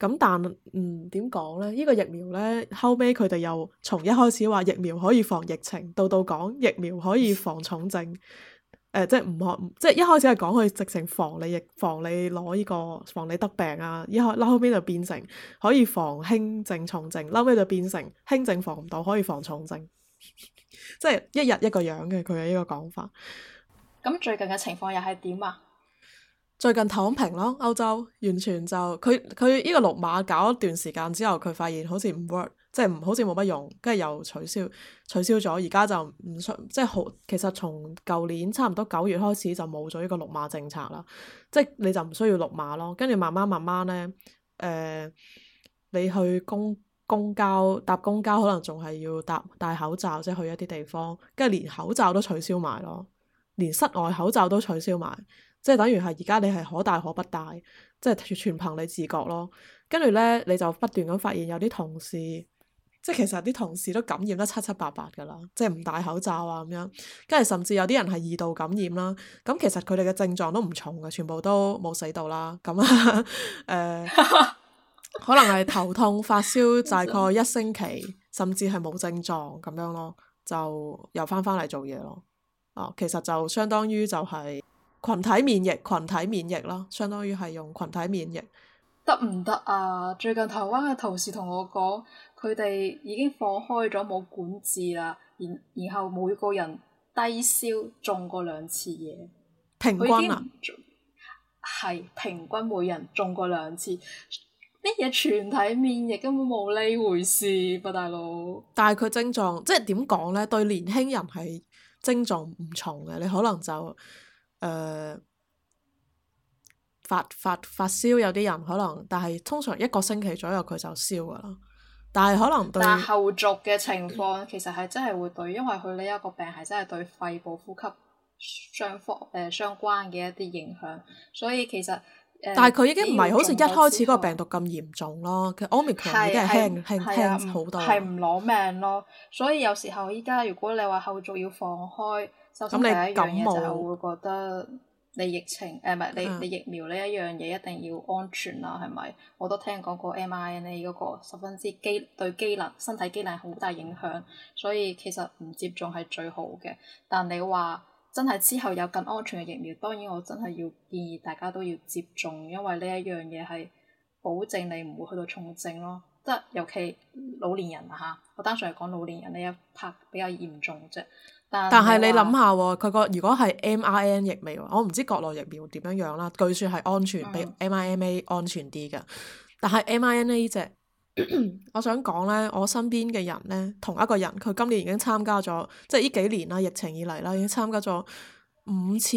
Speaker 1: 咁但嗯點講咧？呢、這個疫苗咧，後尾佢哋又從一開始話疫苗可以防疫情，到到講疫苗可以防重症，誒、 <laughs> 呃、即係唔可即係一開始係講佢直情防你疫防你攞呢、這個防你得病啊！一開撈後尾就變成可以防輕症重症，後尾就變成輕症防唔到，可以防重症， <laughs> 即係一日一個樣嘅佢嘅呢個講法。
Speaker 2: 咁最近嘅情況又係點啊？
Speaker 1: 最近躺平咯，歐洲完全就佢佢呢個綠碼搞咗一段時間之後，佢發現好似唔 work，即係唔好似冇乜用，跟住又取消取消咗。而家就唔需即係好，其實從舊年差唔多九月開始就冇咗呢個綠碼政策啦，即係你就唔需要綠碼咯。跟住慢慢慢慢咧，誒、呃，你去公公交搭公交可能仲係要搭戴口罩即係去一啲地方，跟住連口罩都取消埋咯，連室外口罩都取消埋。即係等於係而家你係可大可不大，即係全憑你自覺咯。跟住咧，你就不斷咁發現有啲同事，即係其實啲同事都感染得七七八八噶啦，即係唔戴口罩啊咁樣。跟住甚至有啲人係二度感染啦。咁其實佢哋嘅症狀都唔重嘅，全部都冇死到啦。咁啊，誒、 <laughs> 呃， <laughs> 可能係頭痛、發燒，大概一星期，甚至係冇症狀咁樣咯，就又翻翻嚟做嘢咯。其實就相當於就係、是。群體免疫，群體免疫啦，相當於係用群體免疫
Speaker 2: 得唔得啊？最近台灣嘅同事同我講，佢哋已經放開咗冇管治啦，然然後每個人低燒中過兩次嘢，
Speaker 1: 平均啊，
Speaker 2: 係平均每人中過兩次咩嘢？全體免疫根本冇呢回
Speaker 1: 事噃，啊，大佬。但係佢症狀即係點講咧？對年輕人係症狀唔重嘅，你可能就。誒、呃、發發發燒有啲人可能，但係通常一個星期左右佢就燒噶啦。但係可能對。但係
Speaker 2: 後續嘅情況其實係真係會對，因為佢呢一個病係真係對肺部呼吸相方誒、呃、相關嘅一啲影響，所以其實、呃、但係佢已經唔係好似一開始嗰個
Speaker 1: 病毒咁嚴重咯，其實 Omicron 已經輕輕輕好多、啊。係唔
Speaker 2: 攞命咯，所以有時候依家如果你話後續要放開。就第一樣嘢就係我會覺得你疫情，誒，唔係，你你疫苗呢一樣嘢一定要安全啦，係咪？我都聽講過 M I N I 嗰個十分之機對機能身體機能好大影響，所以其實唔接種係最好嘅。但你話真係之後有更安全嘅疫苗，當然我真係要建議大家都要接種，因為呢一樣嘢係保證你唔會去到重症咯。即係尤其老年人吓，我單純係講老年人呢一 part 比較嚴重啫。但係你諗
Speaker 1: 下喎，佢個如果係 mRNA 疫苗，我唔知國內疫苗點樣樣啦。據説係安全、嗯、比 mRNA 安全啲嘅，但係 mRNA 呢隻， <coughs> 我想講呢，我身邊嘅人呢，同一個人，佢今年已經參加咗，即係呢幾年啦，疫情以嚟啦，已經參加咗五次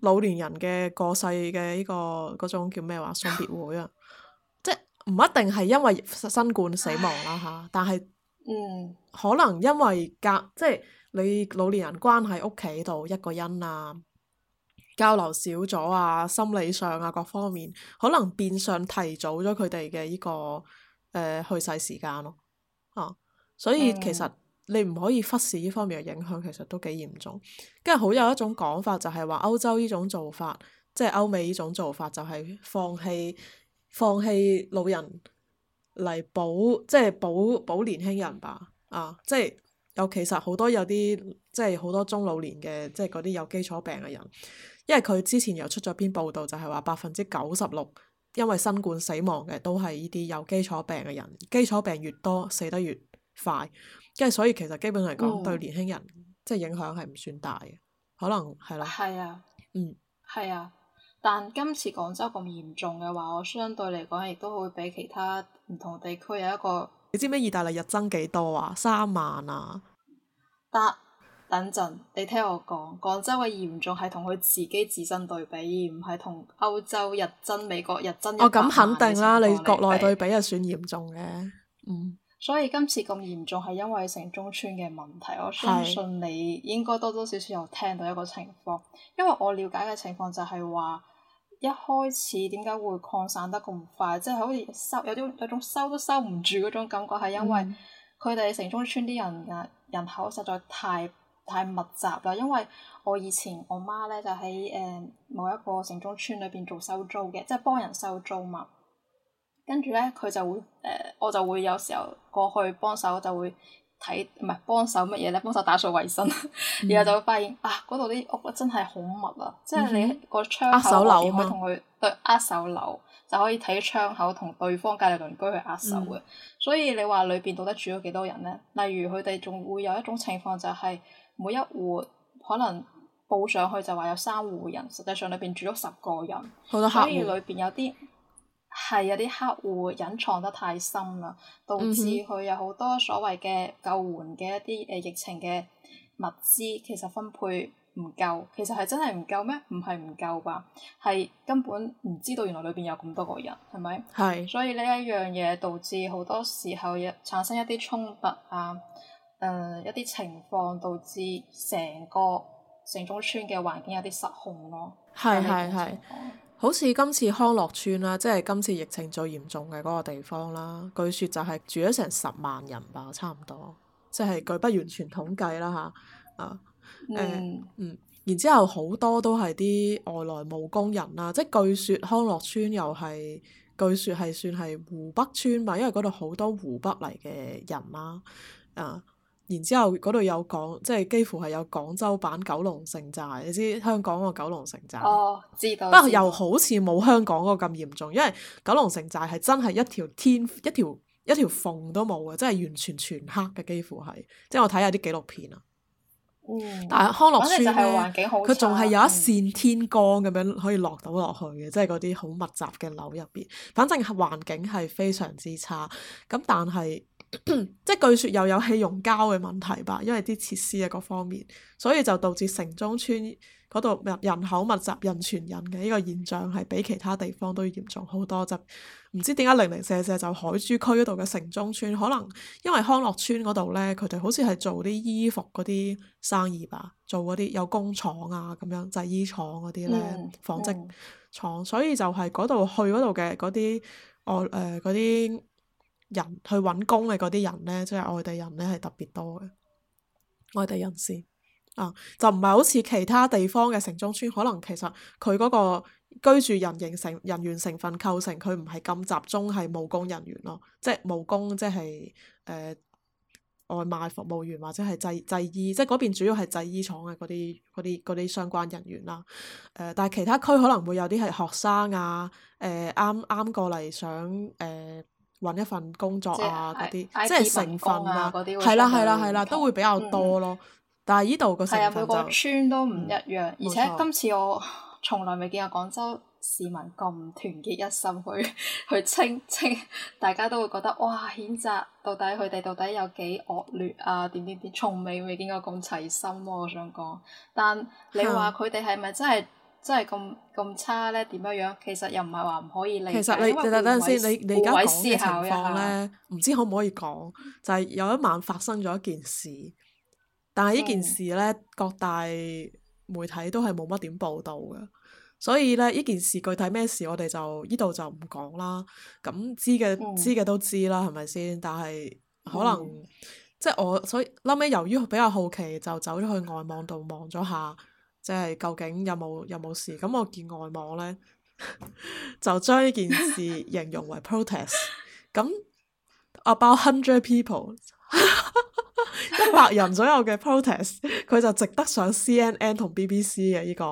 Speaker 1: 老年人嘅過世嘅呢、呢個嗰種叫咩話送別會啊， <coughs> 即係唔一定係因為新冠死亡啦吓， <coughs> 但係，可能因為隔即係。你老年人關喺屋企度一個人啊，交流少咗啊，心理上啊各方面，可能變相提早咗佢哋嘅呢個誒、呃、去世時間咯、啊，啊，所以其實你唔可以忽視呢方面嘅影響，其實都幾嚴重。跟住好有一種講法就係話歐洲呢種做法，即係歐美呢種做法就係放棄放棄老人嚟保，即係保保年輕人吧，啊，即係。有其實好多有啲即係好多中老年嘅，即係嗰啲有基礎病嘅人，因為佢之前又出咗篇報道，就係話百分之九十六因為新冠死亡嘅都係呢啲有基礎病嘅人，基礎病越多死得越快，跟住所以其實基本嚟講，嗯，對年輕人即係影響係唔算大嘅，可能係啦。係啊，嗯，
Speaker 2: 係啊，但今次廣州咁嚴重嘅話，我相對嚟講亦都會比其他唔同地區有一個。
Speaker 1: 你知唔知意大利日增幾多啊？三萬啊！
Speaker 2: 但等陣，你聽我講，廣州嘅嚴重係同佢自己自身對比，而唔係同歐洲日增、美國日增一百。我咁肯定啦，你國
Speaker 1: 內對比又算嚴重嘅。嗯。
Speaker 2: 所以今次咁嚴重係因為城中村嘅問題，我相信你應該多多少少有聽到一個情況，是因為我了解嘅情況就係話，一開始點解會擴散得咁快，即係好似收有啲有種收都收唔住嗰種感覺，係因為。嗯佢哋城中村啲人啊，人口實在太太密集啦，因為我以前我媽咧就喺誒、呃、某一個城中村裏邊做收租嘅，即係幫人收租嘛，跟住咧佢就會誒、呃，我就會有時候過去幫手就會。睇唔係幫手乜嘢咧？幫手打掃衞生，然後就會發現、嗯、啊，嗰度啲屋真係好密啊！嗯、哼即係你個窗口入邊可以同佢對握手樓，就可以睇窗口同對方隔籬鄰居去握手嘅。所以你話裏邊到底住咗幾多人咧？例如佢哋仲會有一種情況就係每一戶可能報上去就話有三戶人，實際上裏邊住咗十個人。好多客。所以裏邊有啲。係有啲黑戶隱藏得太深啦，導致佢有好多所謂嘅救援嘅一啲誒、呃、疫情嘅物資，其實分配唔夠。其實係真係唔夠咩？唔係唔夠吧？係根本唔知道原來裏邊有咁多個人，係咪？係是。所以呢一樣嘢導致好多時候有產生一啲衝突啊，誒、呃、一啲情況導致成個城中村嘅環境有啲失控咯。係係係。是是是是。
Speaker 1: 好似今次康樂村啦，即係今次疫情最嚴重嘅嗰個地方啦。據說就係住咗成十萬人吧，差唔多，即係據不完全統計啦嚇。
Speaker 3: 啊，誒，
Speaker 1: 嗯，然之後好多都係啲外來務工人啦，即係據說康樂村又係據說係算係湖北村吧，因為嗰度好多湖北嚟嘅人啦，啊。然之後，嗰度有廣，即係幾乎係有廣州版九龍城寨，你知香港個九龍城寨？
Speaker 2: 哦，知道。不過又
Speaker 1: 好似冇香港個咁嚴重，因為九龍城寨係真係一條天一條一條縫都冇嘅，即係完全全黑嘅，幾乎係。即係我睇下啲紀錄片啊。嗯，但係康樂村係環境好，佢仲係有一線天光咁樣可以落到落去嘅，嗯，即係嗰啲好密集嘅樓入邊。反正環境係非常之差，咁但係。即係 <coughs> 據說又有氣溶膠嘅問題吧，因為啲設施啊各方面，所以就導致城中村嗰度入人口密集，人傳人嘅呢個現象係比其他地方都要嚴重好多。就唔知點解零零舍舍就海珠區嗰度嘅城中村，可能因為康樂村嗰度呢，佢哋好似係做啲衣服嗰啲生意吧，做嗰啲有工廠啊咁樣製衣廠嗰啲呢，紡織、嗯、廠，嗯、所以就係嗰度去嗰度嘅啲我誒嗰啲。人去揾工嘅嗰啲人呢，即係外地人呢，係特別多嘅外地人士啊，就唔係好似其他地方嘅城中村，可能其實佢嗰個居住人形成人員成分構成，佢唔係咁集中係務工人員咯，即係務工即係誒、呃、外賣服務員或者係製製衣，即係嗰邊主要係製衣廠嘅嗰啲嗰啲嗰啲相關人員啦、呃。但係其他區可能會有啲係學生啊，誒啱啱過嚟想誒。呃揾一份工作啊，嗰啲即係是、啊、成分啊，嗰啲係啦係啦係啦，都會比較多咯。嗯、但係呢度個成分係啊，每個
Speaker 2: 村都唔一樣，嗯、而且錯今次我從來未見過廣州市民咁團結一心去去清清，大家都會覺得哇，譴責到底佢哋到底有幾惡劣啊？點點點，從未未見過咁齊心喎、啊，我想講。但你話佢哋係咪真係？嗯真係咁咁差咧？點樣樣？其實又唔係話唔可以理解，其實你因為顧位等陣先思考一下咧，
Speaker 1: 唔知可唔可以講？就係、是、有一晚發生咗一件事，但係呢件事咧，嗯、各大媒體都係冇乜點報道嘅，所以咧呢件事具體咩事，我哋就呢度就唔講啦。咁知嘅、嗯、知嘅都知啦，係咪先？但係可能、嗯、即係我所以後尾，由於比較好奇，就走咗去外網度望咗下。即係究竟有冇有冇事？咁我見外網呢， <laughs> 就將呢件事形容為 protest。 <laughs> 咁 about hundred people，一 <laughs> 百人左右嘅 protest，佢 <laughs> 就值得上 CNN 同 BBC 嘅呢個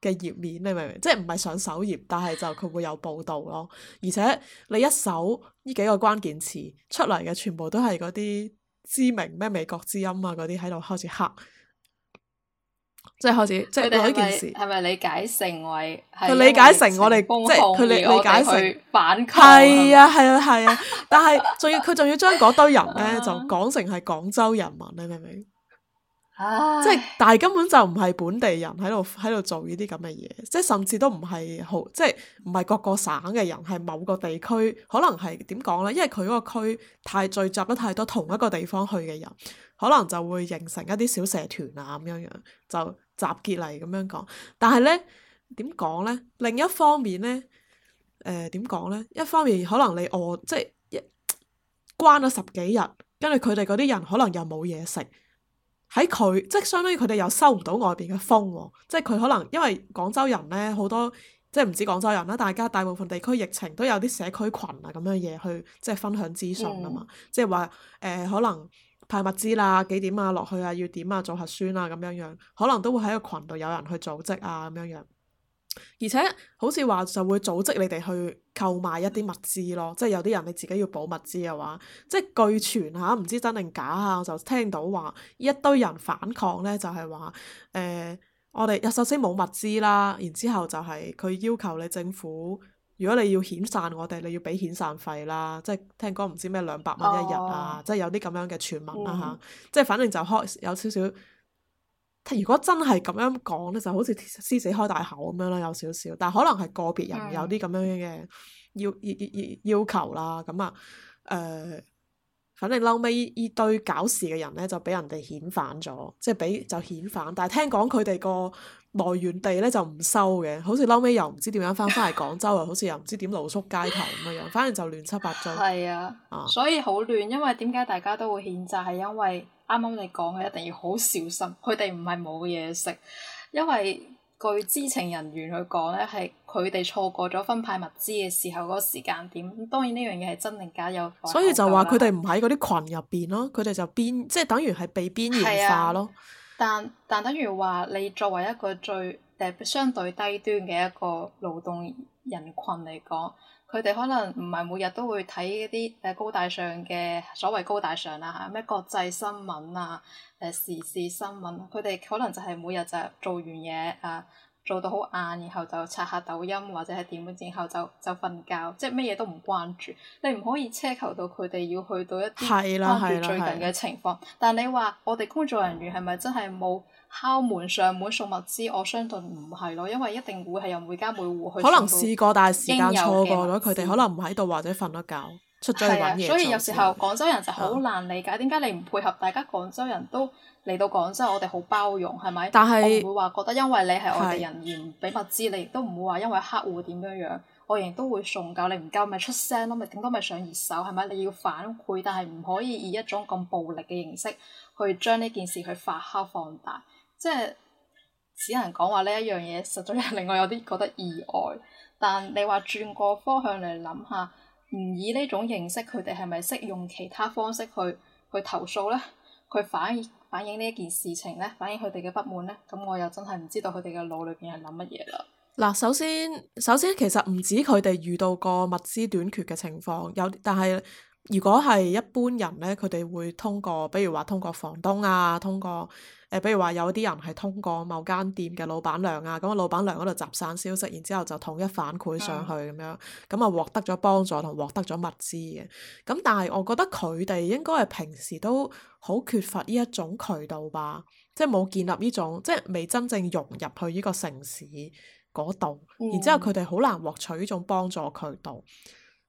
Speaker 1: 嘅頁面。你明唔明？ <laughs> 即係唔係上首頁，但係就佢會有報導咯。而且你一搜呢幾個關鍵詞出嚟嘅，全部都係嗰啲知名咩美國之音啊嗰啲喺度開始黑。即係開始，即係嗰一件事，係
Speaker 2: 咪理解成為佢理解成我哋，即係佢理，理解成反抗？係啊，
Speaker 1: 係啊，係啊！啊 <laughs> 但係仲要佢仲要將嗰堆人咧，就講成係廣州人民，你明唔明？
Speaker 3: 唉即
Speaker 1: 係，但係根本就唔係本地人喺度喺度做呢啲咁嘅嘢，即係甚至都唔係好，即係唔係各個省嘅人，係某個地區，可能係點講咧？因為佢嗰個區太聚集得太多同一個地方去嘅人。可能就會形成一啲小社團啊咁樣樣，就集結嚟咁樣講。但係咧點講咧？另一方面咧，誒點講咧？一方面可能你餓，即係一關咗十幾日，跟住佢哋嗰啲人可能又冇嘢食。喺佢即係相當於佢哋又收唔到外邊嘅風，即係佢可能因為廣州人咧好多，即係唔止廣州人啦，大家大部分地區疫情都有啲社區群啊咁樣嘢去即係分享資訊啊嘛，嗯、即係話誒可能。派物資啦，幾點啊？落去啊，要點啊？做核酸啊，咁樣樣可能都會喺個群度有人去組織啊，咁樣樣。而且好似話就會組織你哋去購買一啲物資咯，即係有啲人你自己要補物資嘅話，即係據傳吓唔知真定假嚇，我就聽到話一堆人反抗咧，就係話誒我哋首先冇物資啦，然之後就係佢要求你政府。如果你要遣散我哋，你要俾遣散費啦，即係聽講唔知咩兩百蚊一日啊，oh. 即係有啲咁樣嘅傳聞啦、啊、吓，mm hmm. 即係反正就開有少少。如果真係咁樣講咧，就好似獅子開大口咁樣啦，有少少，但係可能係個別人有啲咁樣嘅要、mm hmm. 要，要，要，要求啦，咁啊誒、呃，反正後尾依堆搞事嘅人咧，就俾人哋遣返咗，即係俾就遣返，但係聽講佢哋個。來源地咧就唔收嘅，好似後尾又唔知點樣翻翻嚟廣州，啊， <laughs> 好似又唔知點露宿街頭咁嘅樣，反正就亂七八糟。係啊，
Speaker 2: 啊所以好亂。因為點解大家都會譴責，係因為啱啱你講嘅一定要好小心。佢哋唔係冇嘢食，因為據知情人員去講咧，係佢哋錯過咗分派物資嘅時候嗰個時間點。咁當然呢樣嘢係真定假有？所以就話佢哋
Speaker 1: 唔喺嗰啲群入邊咯，佢哋就邊即係等於係被邊緣化咯。
Speaker 2: 但但等於話，你作為一個最誒相對低端嘅一個勞動人群嚟講，佢哋可能唔係每日都會睇嗰啲誒高大上嘅所謂高大上啦，咩國際新聞啊，誒時事新聞，佢哋可能就係每日就做完嘢啊。做到好晏，然後就刷下抖音或者係點樣，然後就就瞓覺，即係乜嘢都唔關注。你唔可以奢求到佢哋要去到一啲關注最近嘅情況。但係你話我哋工作人員係咪真係冇敲門上門，嗯、上門送物資？我相信唔係咯，因為一定會係由每家每戶去。可能試過，但係時間錯過咗佢哋，
Speaker 1: 可能唔喺度或者瞓咗覺，出咗去揾嘢做。係啊、嗯，所以有時
Speaker 2: 候廣州人就好難理解點解、嗯、你唔配合大家？廣州人都。嚟到廣州，我哋好包容，係咪？但係我唔會話覺得，因為你係外地人而唔俾物資，你亦都唔會話因為客戶點樣樣，我亦都會送夠。你唔夠咪出聲咯，咪頂多咪上熱搜係咪？你要反饋，但係唔可以以一種咁暴力嘅形式去將呢件事去發酵放大，即係只能講話呢一樣嘢，實在係令我有啲覺得意外。但你話轉個方向嚟諗下，唔以呢種形式，佢哋係咪識用其他方式去去投訴咧？佢反而。反映呢一件事情咧，反映佢哋嘅不滿咧，咁我又真係唔知道佢哋嘅腦裏邊係諗乜嘢啦。
Speaker 1: 嗱，首先首先其實唔止佢哋遇到過物資短缺嘅情況，有，但係如果係一般人咧，佢哋會通過，比如話通過房東啊，通過。誒，比如話有啲人係通過某間店嘅老闆娘啊，咁個老闆娘嗰度集散消息，然之後就統一反饋上去咁、嗯、樣，咁啊獲得咗幫助同獲得咗物資嘅。咁但係我覺得佢哋應該係平時都好缺乏呢一種渠道吧，即係冇建立呢種，即係未真正融入去呢個城市嗰度，嗯、然之後佢哋好難獲取呢種幫助渠道。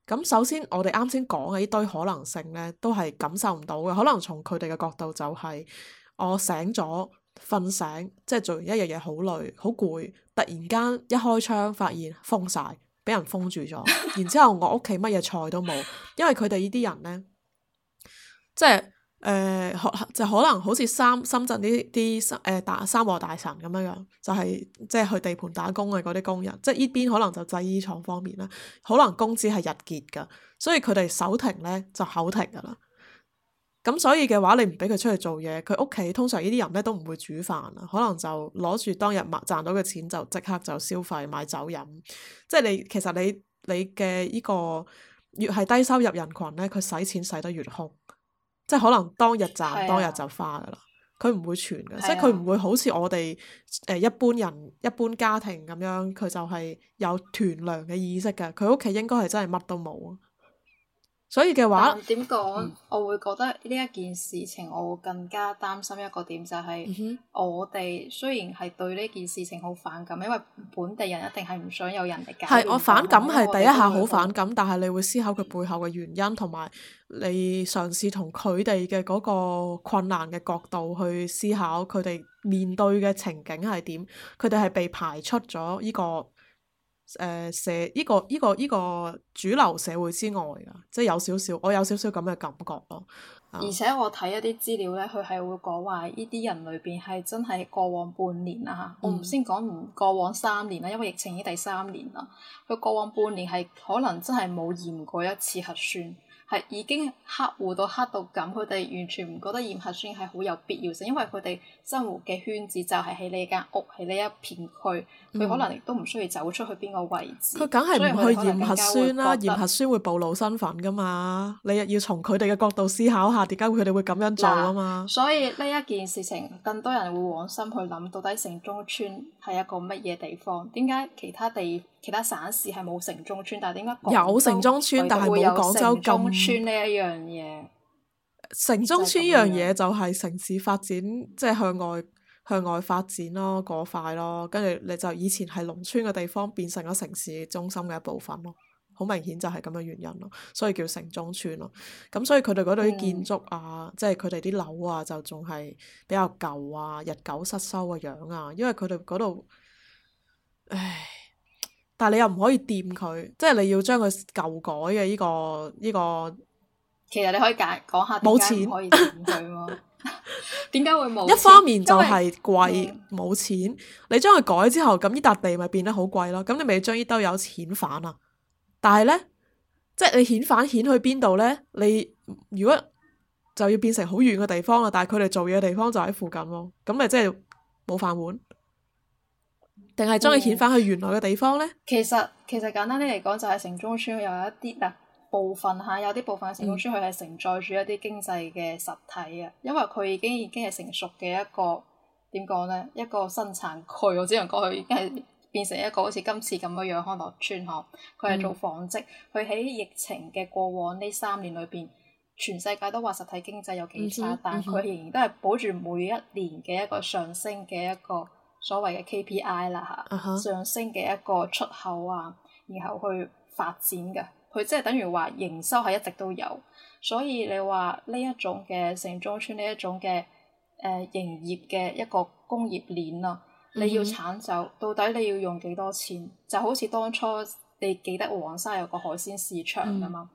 Speaker 1: 咁首先我哋啱先講嘅呢堆可能性呢，都係感受唔到嘅，可能從佢哋嘅角度就係、是。.我醒咗，瞓醒，即係做完一日嘢，好累，好攰。突然間一開窗，發現封晒，俾人封住咗。然之後我屋企乜嘢菜都冇，因為佢哋呢啲人咧，即係誒，學、呃、就可能好似三深圳呢啲、呃、三誒大三和大神咁樣樣，就係、是、即係去地盤打工嘅嗰啲工人，即係呢邊可能就製衣廠方面啦，可能工資係日結噶，所以佢哋手停咧就口停噶啦。咁所以嘅話，你唔俾佢出去做嘢，佢屋企通常呢啲人咧都唔會煮飯啊，可能就攞住當日賺到嘅錢就即刻就消費買酒飲。即係你其實你你嘅呢個越係低收入人群咧，佢使錢使得越空，即係可能當日賺的當日就花噶啦，佢唔會存嘅，的即係佢唔會好似我哋誒一般人一般家庭咁樣，佢就係有斷糧嘅意識嘅。佢屋企應該係真係乜都冇啊。所以嘅話，
Speaker 2: 點講、嗯、我會覺得呢一件事情，我會更加擔心一個點就係、是、我哋雖然係對呢件事情好反感，因為本地人一定係唔想有人哋教。係我反感係第一下好反
Speaker 1: 感，但係你會思考佢背後嘅原因，同埋你嘗試同佢哋嘅嗰個困難嘅角度去思考佢哋面對嘅情景係點，佢哋係被排出咗呢、這個。誒、呃，社呢、這個呢、這個呢、這個主流社會之外噶，即係有少少，我有少少咁嘅感覺咯。
Speaker 3: 而且
Speaker 2: 我睇一啲資料咧，佢係會講話呢啲人裏邊係真係過往半年啊，嗯、我唔先講唔過往三年啦，因為疫情已經第三年啦。佢過往半年係可能真係冇驗過一次核酸。係已經黑戶到黑到咁，佢哋完全唔覺得驗核酸係好有必要性，因為佢哋生活嘅圈子就係喺呢間屋，喺呢一片區，佢可能亦都唔需要走出去邊個位置。佢梗係唔去驗核酸啦、啊，驗核酸
Speaker 1: 會暴露身份噶嘛。你又要從佢哋嘅角度思考下，點解佢哋會咁樣做啊嘛？
Speaker 2: 所以呢一件事情，更多人會往深去諗，到底城中村係一個乜嘢地方？點解其他地？其他省市係冇
Speaker 1: 城中村，但係點解有城中村，但佢冇廣州舊村呢一樣嘢？城中村呢樣嘢就係城，城市發展，即、就、係、是、向外向外發展咯，嗰塊咯，跟住你就以前係農村嘅地方，變成咗城市中心嘅一部分咯。好明顯就係咁嘅原因咯，所以叫城中村咯。咁所以佢哋嗰度啲建築啊，嗯、即係佢哋啲樓啊，就仲係比較舊啊，日久失修嘅樣啊，因為佢哋嗰度，唉。但係你又唔可以掂佢，即係你要將佢舊改嘅呢個呢個。其實你可以講講下，冇錢可以
Speaker 2: 掂佢咯。點解會冇？一方面就係
Speaker 1: 貴冇錢，你將佢改之後，咁呢笪地咪變得好貴咯。咁你咪要將呢兜有遣返啊。但係咧，即係你遣返遣去邊度咧？你如果就要變成好遠嘅地方啦。但係佢哋做嘢嘅地方就喺附近咯。咁咪即係冇飯碗。定係將佢遣翻去原來嘅地方咧、嗯？
Speaker 2: 其實其實簡單啲嚟講，就係、是、城中村有一啲嗱、呃、部分嚇，有啲部分嘅城中村佢係、嗯、承載住一啲經濟嘅實體啊。因為佢已經已經係成熟嘅一個點講咧，一個生產區。我只能講佢已經係變成一個好似今次咁嘅樣康樂村呵。佢係做紡織，佢喺、嗯、疫情嘅過往呢三年裏邊，全世界都話實體經濟有幾差，嗯嗯、但佢仍然都係保住每一年嘅一個上升嘅一個。所謂嘅 KPI 啦嚇，huh. 上升嘅一個出口啊，然後去發展嘅，佢即係等於話營收係一直都有，所以你話呢一種嘅城中村呢一種嘅誒營業嘅一個工業鏈啊，mm hmm. 你要鏟走，到底你要用幾多錢？就好似當初你記得黃沙有個海鮮市場㗎嘛，mm hmm.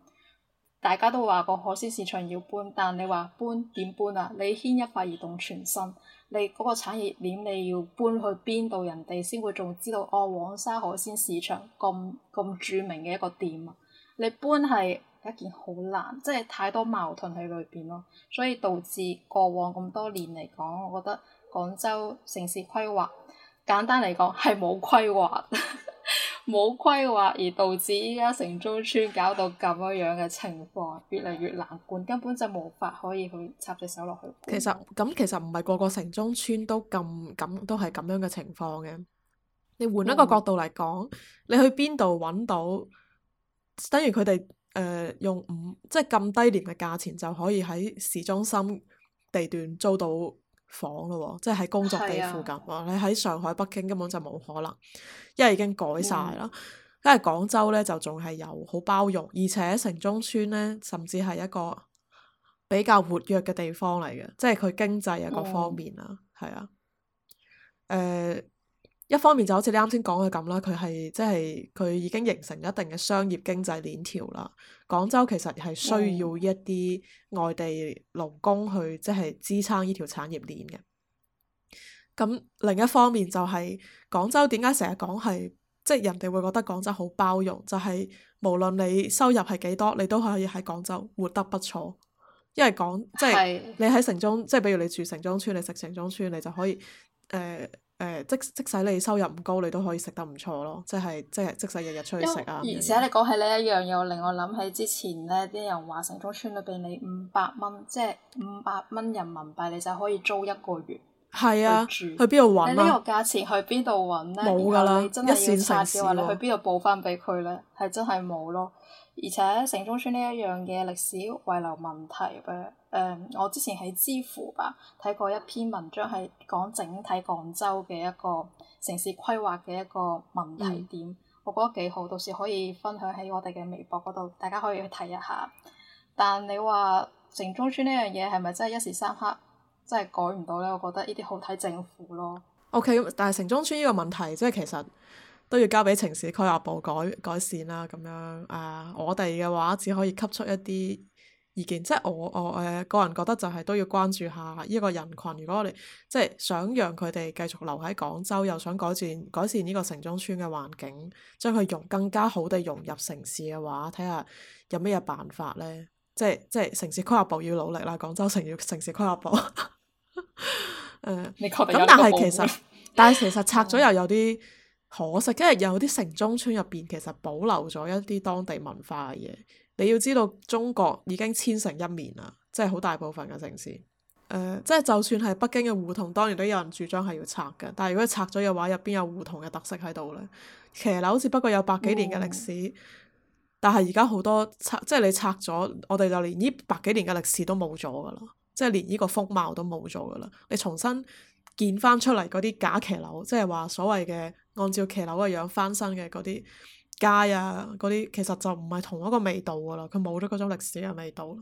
Speaker 2: 大家都話個海鮮市場要搬，但你話搬點搬啊？你牽一髮而動全身。你嗰個產業鏈你要搬去邊度？人哋先會仲知道哦。黃沙海鮮市場咁咁著名嘅一個店啊，你搬係一件好難，即係太多矛盾喺裏邊咯，所以導致過往咁多年嚟講，我覺得廣州城市規劃簡單嚟講係冇規劃。 <laughs> 冇規劃而導致依家城中村搞到咁樣樣嘅情況，越嚟越難管，根本就無法可以去插隻手落去。其實
Speaker 1: 咁其實唔係個個城中村都咁咁都係咁樣嘅情況嘅。你換一個角度嚟講，嗯、你去邊度揾到？等於佢哋誒用五即係咁低廉嘅價錢就可以喺市中心地段租到。房咯喎，即係喺工作地附近，啊、你喺上海、北京根本就冇可能，因為已經改晒啦。嗯、因為廣州呢，就仲係有好包容，而且城中村呢，甚至係一個比較活躍嘅地方嚟嘅，即係佢經濟嘅各方面啦，係、嗯、啊，誒、呃。一方面就好似你啱先講嘅咁啦，佢係即係佢已經形成一定嘅商業經濟鏈條啦。廣州其實係需要一啲外地勞工去即係、就是、支撐呢條產業鏈嘅。咁另一方面就係、是、廣州點解成日講，係即係人哋會覺得廣州好包容，就係、是、無論你收入係幾多，你都可以喺廣州活得不錯，因為講即係、就是、是你喺城中，即、就、係、是、比如你住城中村，你食城中村，你就可以誒。呃誒、呃、即即使你收入唔高，你都可以食得唔錯咯，即係即係即使日日出去食啊。為對而且你
Speaker 2: 講起呢一樣，又令我諗起之前呢啲人話城中村裏邊，你五百蚊即係五百蚊人民幣，你就可以租一個月。
Speaker 1: 係啊。住。去邊度揾？你呢
Speaker 2: 個價錢去邊度揾咧？冇㗎啦。你真。一線城市。真係要叉住話你去邊度報翻俾佢呢？係真係冇咯。而且城中村呢一樣嘅歷史遺留問題嘅，誒、嗯，我之前喺知乎吧睇過一篇文章，係講整體廣州嘅一個城市規劃嘅一個問題點，嗯、我覺得幾好，到時可以分享喺我哋嘅微博嗰度，大家可以去睇一下。但你話城中村呢樣嘢係咪真係一時三刻真係改唔到咧？我覺得呢啲好睇政府咯。
Speaker 1: Okay，但係城中村呢個問題，即係其實。都要交俾城市規劃部改改善啦，咁樣誒、啊，我哋嘅話只可以吸出一啲意見，即係我我誒、呃、個人覺得就係都要關注下呢個人群。如果我哋即係想讓佢哋繼續留喺廣州，又想改善改善呢個城中村嘅環境，將佢融更加好地融入城市嘅話，睇下有咩嘢辦法咧？即係即係城市規劃部要努力啦，廣州城、城市規劃部。誒、 <laughs> 呃，咁但係其實，但係其實拆咗又有啲 <laughs> 可惜，因為有啲城中村入邊，其實保留咗一啲當地文化嘅嘢。你要知道，中國已經千城一面啦，即係好大部分嘅城市。誒、呃，即係就算係北京嘅胡同，當然都有人主張係要拆嘅。但係如果拆咗嘅話，入邊有胡同嘅特色喺度咧。騎樓好似不過有百幾年嘅歷史，哦、但係而家好多拆，即係你拆咗，我哋就連呢百幾年嘅歷史都冇咗噶啦，即係連呢個風貌都冇咗噶啦。你重新建翻出嚟嗰啲假騎樓，即係話所謂嘅。按照騎樓嘅樣翻新嘅嗰啲街啊，嗰啲其實就唔係同一個味道噶啦，佢冇咗嗰種歷史嘅味道，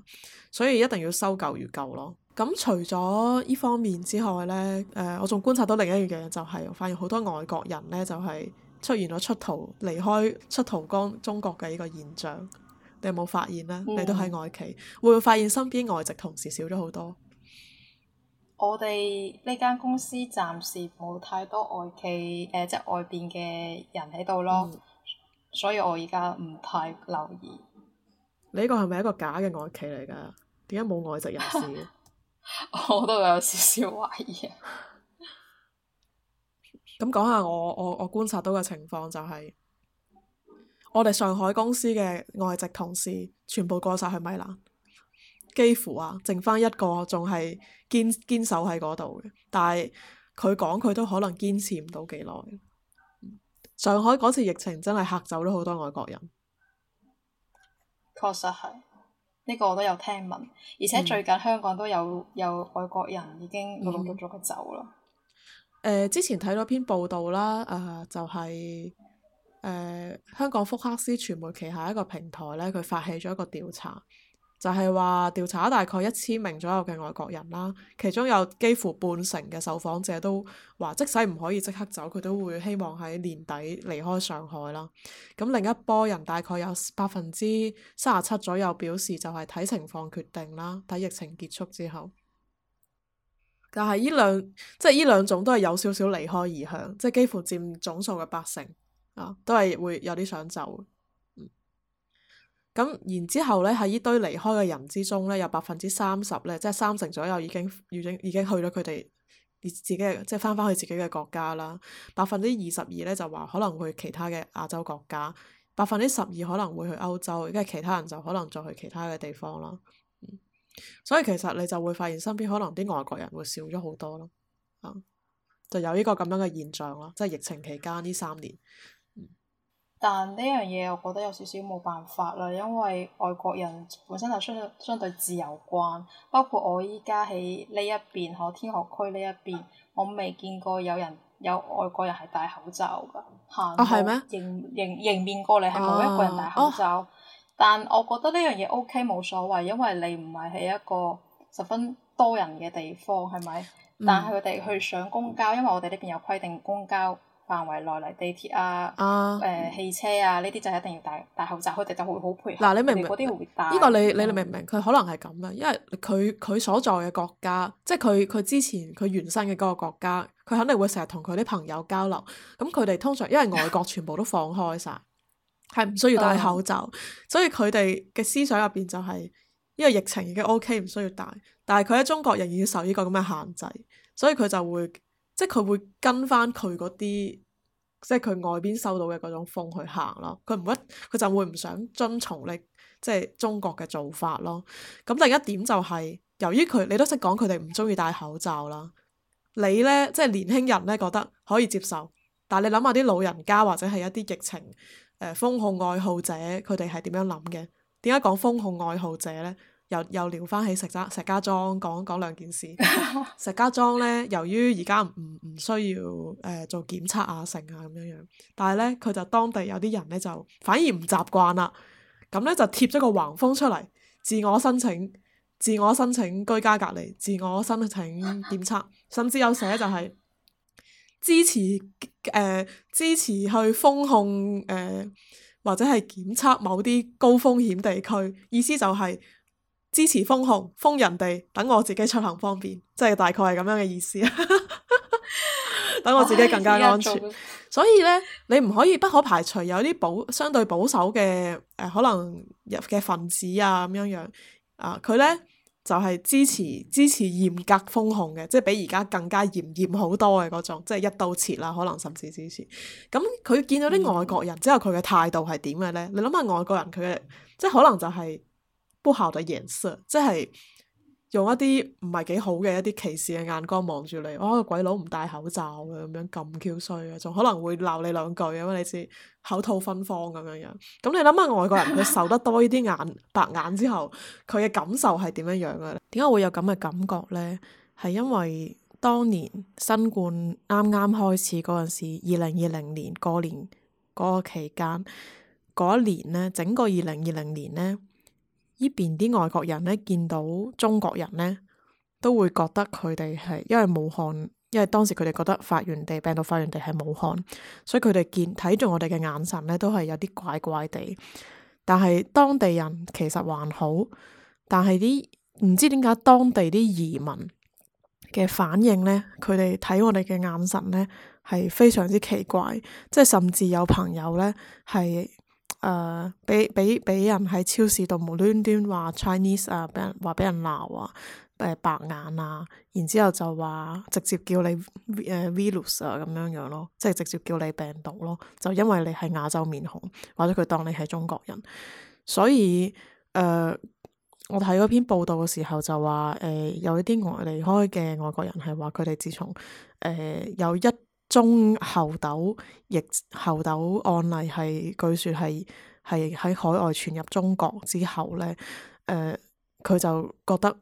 Speaker 1: 所以一定要修舊如舊咯。咁除咗呢方面之外呢，誒、呃、我仲觀察到另一樣嘢就係、是，發現好多外國人呢，就係、是、出現咗出逃、離開出逃光中國嘅呢個現象。你有冇發現呢？哦、你都喺外企，會唔會發現身邊外籍同事少咗好多？
Speaker 2: 我哋呢間公司暫時冇太多外企，呃、即係外邊嘅人喺度咯，嗯、所以我而家唔
Speaker 1: 太留意。你呢個係咪一個假嘅外企嚟㗎？點解冇外籍人士？ <laughs> 我都有少少懷疑啊。咁講下我我我觀察到嘅情況就係，我哋上海公司嘅外籍同事全部過晒去米蘭。幾乎啊，剩翻一個仲係堅堅守喺嗰度嘅，但係佢講佢都可能堅持唔到幾耐。上海嗰次疫情真係嚇走咗好多外國人，
Speaker 2: 確實係呢、呢個我都有聽聞，而且最近香港都有、嗯、有外國人已經陸陸續續嘅走啦。
Speaker 1: 之前睇咗篇報道啦，誒、呃、就係、是呃、香港福克斯傳媒旗下一個平台呢，佢發起咗一個調查。就係話調查大概一千名左右嘅外國人啦，其中有幾乎半成嘅受訪者都話，即使唔可以即刻走，佢都會希望喺年底離開上海啦。咁另一波人大概有百分之三十七左右表示，就係睇情況決定啦，睇疫情結束之後。但係呢兩即係呢兩種都係有少少離開意向，即係幾乎佔總數嘅八成啊，都係會有啲想走。咁然之後咧，喺呢堆離開嘅人之中咧，有百分之三十咧，即係三成左右已經已經，已經去咗佢哋自己嘅，即係翻返去自己嘅國家啦。百分之二十二咧就話可能會去其他嘅亞洲國家，百分之十二可能會去歐洲，跟住其他人就可能再去其他嘅地方啦、嗯。所以其實你就會發現身邊可能啲外國人會少咗好多咯、嗯，就有呢個咁樣嘅現象咯，即係疫情期間呢三年。
Speaker 2: 但呢樣嘢我覺得有少少冇辦法啦，因為外國人本身就相相對自由慣，包括我依家喺呢一邊，喺天河區呢一邊，我未見過有人有外國人係戴口罩㗎，行迎、哦、迎迎面過嚟係冇一個人戴口罩。啊啊、但我覺得呢樣嘢 O K 冇所謂，因為你唔係喺一個十分多人嘅地方，係咪？嗯、但係佢哋去上公交，因為我哋呢邊有規定公交。範圍內嚟地鐵啊，誒、啊呃、汽車啊，呢啲就一定要戴口、啊、戴口罩，佢哋就會好配合。嗱，你明唔明？呢個你你
Speaker 1: 明唔明？佢可能係咁嘅，因為佢佢所在嘅國家，即係佢佢之前佢原生嘅嗰個國家，佢肯定會成日同佢啲朋友交流。咁佢哋通常因為外國全部都放開晒，係唔 <laughs> 需要戴口罩， <laughs> 所以佢哋嘅思想入邊就係、是、因為疫情已經 O K，唔需要戴。但係佢喺中國仍然受呢個咁嘅限制，所以佢就會。即係佢會跟翻佢嗰啲，即係佢外邊收到嘅嗰種風去行咯。佢唔會，佢就會唔想遵從你，即係中國嘅做法咯。咁另一點就係、是，由於佢你都識講，佢哋唔中意戴口罩啦。你呢，即係年輕人呢，覺得可以接受，但係你諗下啲老人家或者係一啲疫情誒封、呃、控愛好者，佢哋係點樣諗嘅？點解講封控愛好者呢？又又聊翻起石家石家莊，講講兩件事。石家莊咧，由於而家唔唔需要誒、呃、做檢測啊、剩啊咁樣樣，但係咧佢就當地有啲人咧就反而唔習慣啦。咁咧就貼咗個橫幅出嚟，自我申請、自我申請居家隔離、自我申請檢測，甚至有寫就係、是、支持誒、呃、支持去封控誒、呃，或者係檢測某啲高風險地區，意思就係、是。支持封控封人哋，等我自己出行方便，即係大概係咁樣嘅意思啊。等 <laughs> 我自己更加安全。所以咧，你唔可以不可排除有啲保相對保守嘅誒、呃，可能嘅分子啊咁樣樣啊，佢、呃、咧就係、是、支持支持嚴格封控嘅，即係比而家更加嚴嚴好多嘅嗰種，即係一刀切啦，可能甚至支持。咁佢見到啲外國人之後，佢嘅、嗯、態度係點嘅咧？你諗下外國人佢嘅，即係可能就係、是。呼嚇就贏曬，即係用一啲唔係幾好嘅一啲歧視嘅眼光望住你。哇！個鬼佬唔戴口罩嘅咁樣咁 Q 衰啊，仲可能會鬧你兩句啊你知口吐芬芳咁樣樣。咁你諗下外國人佢受得多呢啲眼白眼之後，佢嘅感受係點樣樣嘅咧？點解會有咁嘅感覺咧？係因為當年新冠啱啱開始嗰陣時，二零二零年過年嗰個期間嗰一年咧，整個二零二零年咧。呢邊啲外國人咧，見到中國人咧，都會覺得佢哋係因為武漢，因為當時佢哋覺得發源地、病毒發源地係武漢，所以佢哋見睇住我哋嘅眼神咧，都係有啲怪怪地。但係當地人其實還好，但係啲唔知點解當地啲移民嘅反應咧，佢哋睇我哋嘅眼神咧，係非常之奇怪，即係甚至有朋友咧係。誒，畀畀畀人喺超市度無端端話 Chinese 啊，畀人話俾人鬧啊，誒、呃、白眼啊，然之後就話直接叫你誒、呃、virus 啊咁樣樣咯，即係直接叫你病毒咯，就因為你係亞洲面孔，或者佢當你係中國人。所以誒、呃，我睇嗰篇報道嘅時候就話誒、呃，有一啲外離開嘅外國人係話佢哋自從誒、呃、有一。中後斗疫後斗案例係據説，係係喺海外傳入中國之後咧，誒、呃、佢就覺得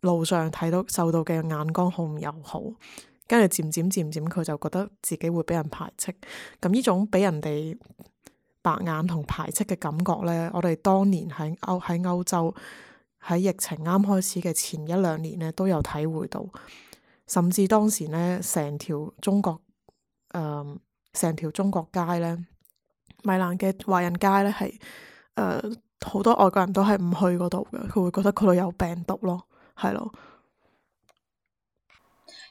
Speaker 1: 路上睇到受到嘅眼光好唔友好，跟住漸漸漸漸佢就覺得自己會俾人排斥。咁呢種俾人哋白眼同排斥嘅感覺咧，我哋當年喺歐喺歐洲喺疫情啱開始嘅前一兩年咧都有體會到。甚至當時呢，成條中國誒，成、呃、條中國街呢，米蘭嘅華人街呢，係誒好多外國人都係唔去嗰度嘅，佢會覺得嗰度有病毒咯，係咯。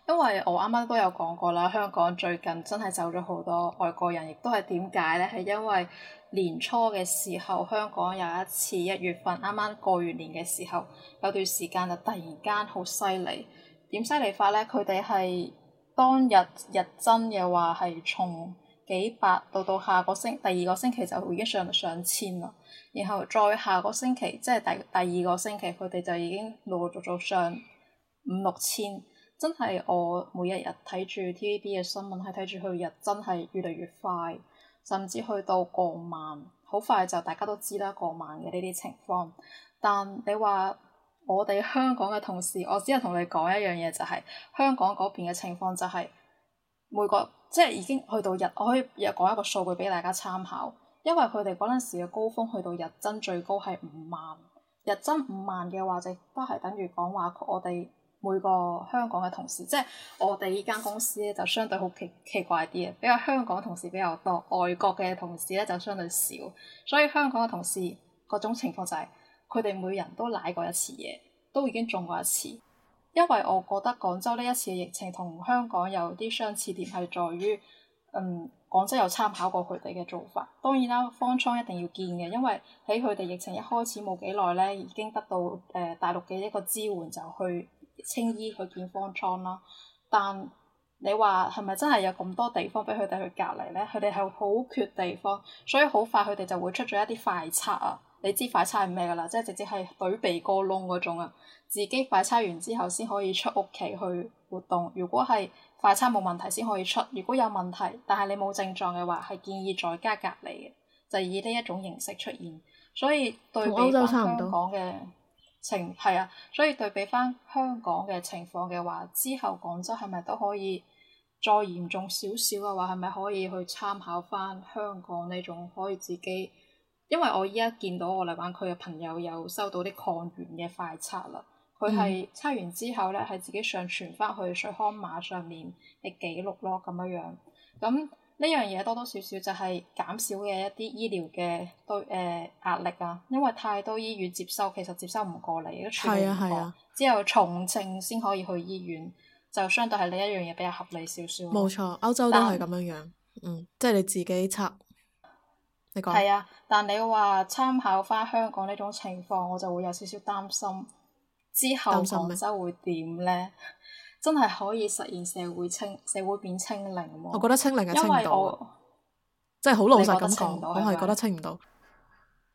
Speaker 2: 因為我啱啱都有講過啦，香港最近真係走咗好多外國人，亦都係點解呢？係因為年初嘅時候，香港有一次一月份啱啱過完年嘅時候，有段時間就突然間好犀利。點犀利法咧？佢哋係當日日增嘅話，係從幾百到到下個星第二個星期就已經上到上千啦，然後再下個星期即係第第二個星期，佢哋就已經陸陸續續上五六千，真係我每一日睇住 TVB 嘅新聞，係睇住佢日增係越嚟越快，甚至去到過萬，好快就大家都知啦過萬嘅呢啲情況，但你話？我哋香港嘅同事，我只係同你講一樣嘢，就係、是、香港嗰邊嘅情況就係、是、每個即係已經去到日，我可以又講一個數據俾大家參考，因為佢哋嗰陣時嘅高峰去到日增最高係五萬，日增五萬嘅話就都係等於講話我哋每個香港嘅同事，即係我哋依間公司咧就相對好奇奇怪啲嘅，比較香港同事比較多，外國嘅同事咧就相對少，所以香港嘅同事嗰種情況就係、是。佢哋每人都舐過一次嘢，都已經中過一次。因為我覺得廣州呢一次疫情同香港有啲相似點係在於，嗯，廣州有參考過佢哋嘅做法。當然啦，方艙一定要建嘅，因為喺佢哋疫情一開始冇幾耐咧，已經得到誒、呃、大陸嘅一個支援，就去青衣去建方艙啦。但你話係咪真係有咁多地方俾佢哋去隔離咧？佢哋係好缺地方，所以好快佢哋就會出咗一啲快測啊。你知快測係咩㗎啦？即係直接係攣鼻哥窿嗰種啊！自己快測完之後先可以出屋企去活動。如果係快測冇問題先可以出，如果有問題但係你冇症狀嘅話，係建議在家隔離嘅，就以呢一種形式出現。所以對比翻香港嘅情係啊，所以對比翻香港嘅情況嘅話，之後廣州係咪都可以再嚴重少少嘅話，係咪可以去參考翻香港呢種可以自己？因為我依家見到我嚟玩佢嘅朋友有收到啲抗原嘅快測啦，佢係測完之後咧，係自己上傳翻去穗康碼上面嘅記錄咯，咁樣樣。咁呢樣嘢多多少少就係減少嘅一啲醫療嘅對誒壓力啊，因為太多醫院接收，其實接收唔過嚟，都處理唔落。啊啊、之後重症先可以去醫院，就相對係另一樣嘢比較合理少少，啊。冇錯，
Speaker 1: 歐洲都係咁樣樣，但嗯，即係你自己測。係啊，
Speaker 2: 但你話參考翻香港呢種情況，我就會有少少擔心，之後廣州會點呢？真係可以實現社會清、社會變清零、
Speaker 1: 啊？我覺得清零係清唔到，真係好老實咁講，我係覺得清唔到。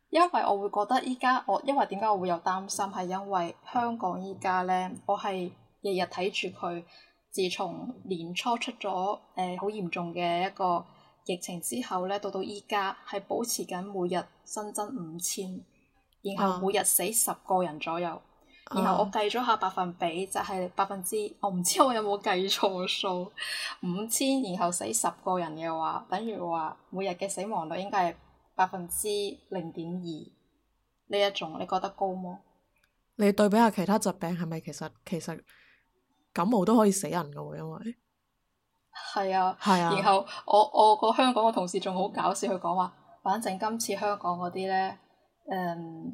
Speaker 2: 因為我會覺得依家我，因為點解我會有擔心？係因為香港依家呢，我係日日睇住佢，自從年初出咗誒好嚴重嘅一個疫情之後咧，到到依家係保持緊每日新增五千，然後每日死十個人左右。啊、然後我計咗下百分比，就係、是、百分之，我唔知我有冇計錯數。五千然後死十個人嘅話，等於話每日嘅死亡率應該係百分之零點二。呢一種你覺得高麼？
Speaker 1: 你對比下其他疾病，係咪其實其實感冒都可以死人噶喎，因為。
Speaker 2: 係啊，然後我我個香港個同事仲好搞笑，佢講話，反正今次香港嗰啲咧，誒、嗯、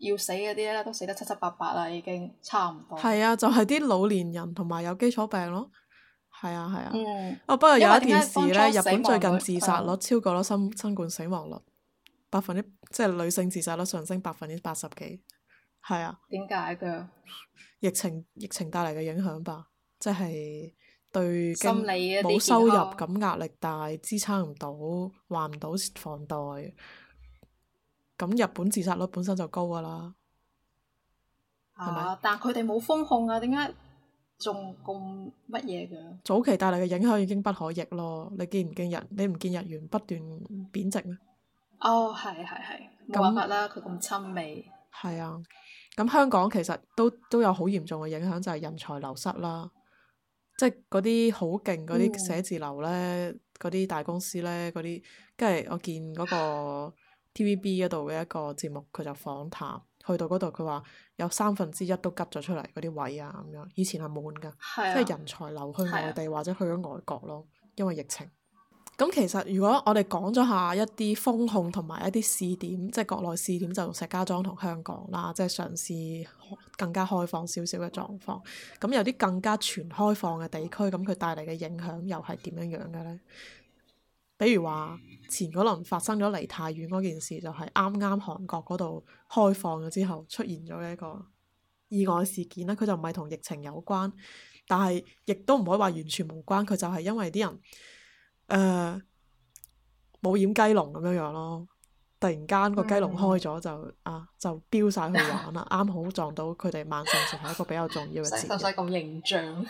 Speaker 2: 要死嗰啲咧都死得七七八八啦，已經差唔
Speaker 1: 多。係啊，就係、是、啲老年人同埋有基礎病咯。係啊，係啊。嗯、哦，不過有一件事咧，為為日本最近自殺率超過咗新新冠死亡率，百分之即係女性自殺率上升百分之八十幾。係啊。點解嘅？疫情疫情帶嚟嘅影響吧，即係。對，冇收入咁壓力大，支撐唔到，還唔到房貸。咁日本自殺率本身就高噶啦，係咪啊？
Speaker 2: 吧但佢哋冇
Speaker 1: 封控啊，點解
Speaker 2: 仲咁乜嘢嘅？
Speaker 1: 早期帶嚟嘅影響已經不可逆咯。你見唔見日？你唔見日元不斷貶值
Speaker 2: 咩？哦，係係係，冇辦法啦，佢咁親美。
Speaker 1: 係啊，咁香港其實都都有好嚴重嘅影響，就係人才流失啦。即係嗰啲好勁嗰啲寫字樓咧，嗰啲、嗯、大公司咧，嗰啲，跟住我見嗰個 TVB 嗰度嘅一個節目，佢就訪談，去到嗰度佢話有三分之一都吉咗出嚟嗰啲位啊咁樣，以前係滿㗎，啊、即係人才流去外地、啊、或者去咗外國咯，因為疫情。咁其實如果我哋講咗下一啲封控同埋一啲試點，即係國內試點就用石家莊同香港啦，即係嘗試更加開放少少嘅狀況。咁有啲更加全開放嘅地區，咁佢帶嚟嘅影響又係點樣樣嘅咧？比如話前嗰輪發生咗梨泰院嗰件事，就係啱啱韓國嗰度開放咗之後出現咗嘅一個意外事件啦。佢就唔係同疫情有關，但係亦都唔可以話完全無關。佢就係因為啲人。誒，冇掩雞籠咁樣樣咯，突然間個雞籠開咗就、嗯、啊就飆晒去玩啦，啱 <laughs> 好撞到佢哋晚上食係一個比較重要嘅事，使唔使咁形象？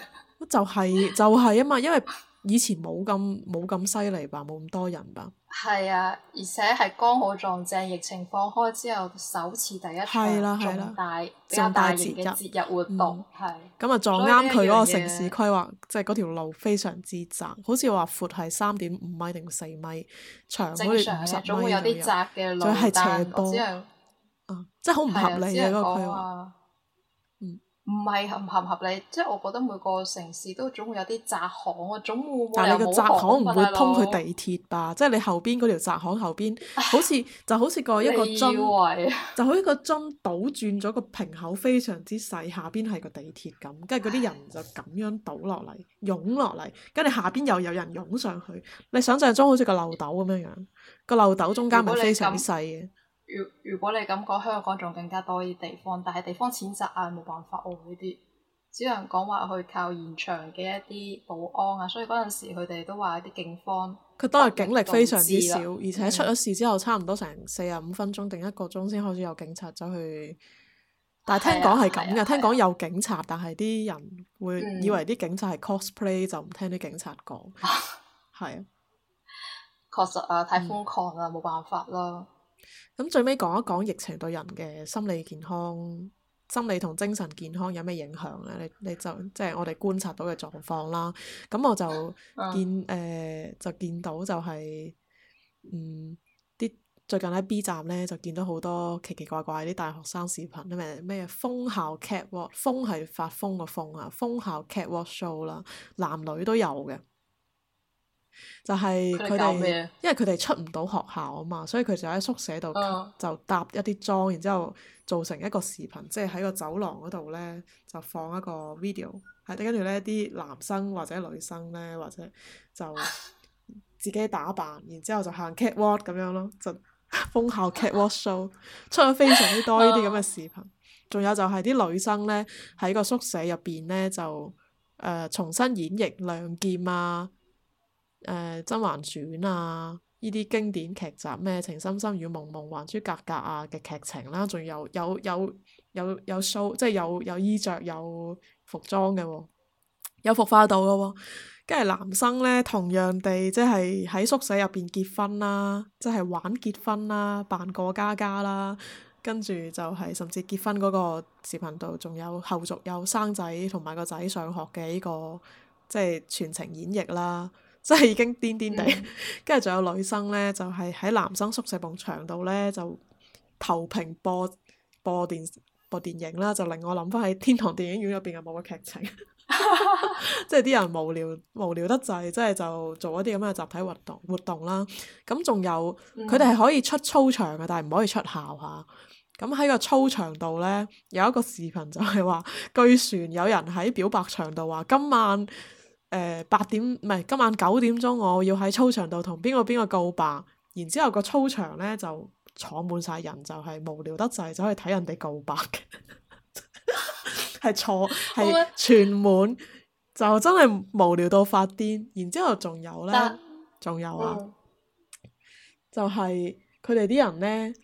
Speaker 1: 就係就係啊嘛，因為。以前冇咁冇咁犀利吧，冇咁多人吧。
Speaker 2: 係啊，而且係剛好撞正疫情放開之後首次第一場重大比較大型嘅節日活動。係。
Speaker 1: 咁啊撞啱佢嗰個城市規劃，即係嗰條路非常之窄，好似話闊係三點五米定四米，長好似五十米，正常總會有啲窄嘅路，但係只有啊，即係好唔合理嘅嗰個規劃。
Speaker 2: 唔係唔合唔合理，即係我覺得每個城市都總會有啲窄巷啊，總會會，但係你個窄巷唔會通去地
Speaker 1: 鐵吧？即係 <laughs> 你後邊嗰條窄巷後邊， <laughs> 好似就好似個一個樽，就好似個樽 <laughs> 倒轉咗個瓶口，非常之細，下邊係個地鐵咁。跟住嗰啲人就咁樣倒落嚟， <laughs> 湧落嚟，跟住下邊又有人湧上去。你想象中好似個漏斗咁樣樣，那個漏斗中間咪非常之細嘅。
Speaker 2: 如如果你咁講，香港仲更加多啲地方，但係地方淺窄啊，冇辦法喎呢啲，只能講話去靠現場嘅一啲保安啊。所以嗰陣時佢哋都話啲警方，
Speaker 1: 佢當日警力非常之少，而且出咗事之後差唔多成四十五分鐘定一個鐘先開始有警察走去。但係聽講係咁嘅，啊啊啊、聽講有警察，啊啊、但係啲人會以為啲警察係 cosplay 就唔聽啲警察講，係
Speaker 2: <laughs> 啊，確實啊，太瘋狂啦，冇辦法啦、啊。
Speaker 1: 咁最尾講一講疫情對人嘅心理健康、心理同精神健康有咩影響咧？你你就即係、就是、我哋觀察到嘅狀況啦。咁我就見誒、嗯呃，就見到就係、是，嗯，啲最近喺 B 站咧，就見到好多奇奇怪怪啲大學生視頻，咩咩瘋校 Catwalk，瘋係發瘋個瘋啊，瘋校 Catwalk show 啦，男女都有嘅。就係佢哋，因為佢哋出唔到學校啊嘛，所以佢就喺宿舍度就搭一啲裝，嗯、然之後做成一個視頻，即係喺個走廊嗰度咧就放一個 video，係，跟住咧啲男生或者女生咧，或者就自己打扮， <laughs> 然之後就行 catwalk 咁樣咯，就封校 catwalk show <laughs> 出咗非常之多呢啲咁嘅視頻。仲、嗯、有就係啲女生咧喺個宿舍入邊咧就誒、呃、重新演繹亮劍啊。 <laughs> 誒《甄嬛、呃、傳》啊，依啲經典劇集咩《情深深雨濛濛》《還珠格格》啊嘅劇情啦、啊，仲有有有有有 show，即係有有衣着、有服裝嘅喎、哦，有服化道嘅喎。跟住男生咧，同樣地即係喺宿舍入邊結婚啦，即係玩結婚啦，扮過家家啦。跟住就係甚至結婚嗰個視頻度，仲有後續有生仔同埋個仔上學嘅依個即係全程演繹啦。即係已經癲癲地，跟住仲有女生咧，就係、是、喺男生宿舍埲牆度咧，就投屏播播電播電影啦，就令我諗翻喺天堂電影院入邊嘅某個劇情。 <laughs> <laughs> 即係啲人無聊無聊得滯，即係就做一啲咁嘅集體活動活動啦。咁、嗯、仲有，
Speaker 3: 佢哋係可
Speaker 1: 以出操場嘅，但係唔可以出校吓。咁、啊、喺個操場度咧，有一個視頻就係話，據傳有人喺表白牆度話今晚。誒八、呃、點唔係今晚九點鐘，我要喺操場度同邊個邊個告白，然之後個操場呢，就坐滿晒人，就係、是、無聊得滯，就可以睇人哋告白嘅，係 <laughs> <laughs> 坐係全滿， <laughs> 就真係無聊到發癲。然之後仲有呢？仲但有啊，嗯、就係佢哋啲人呢，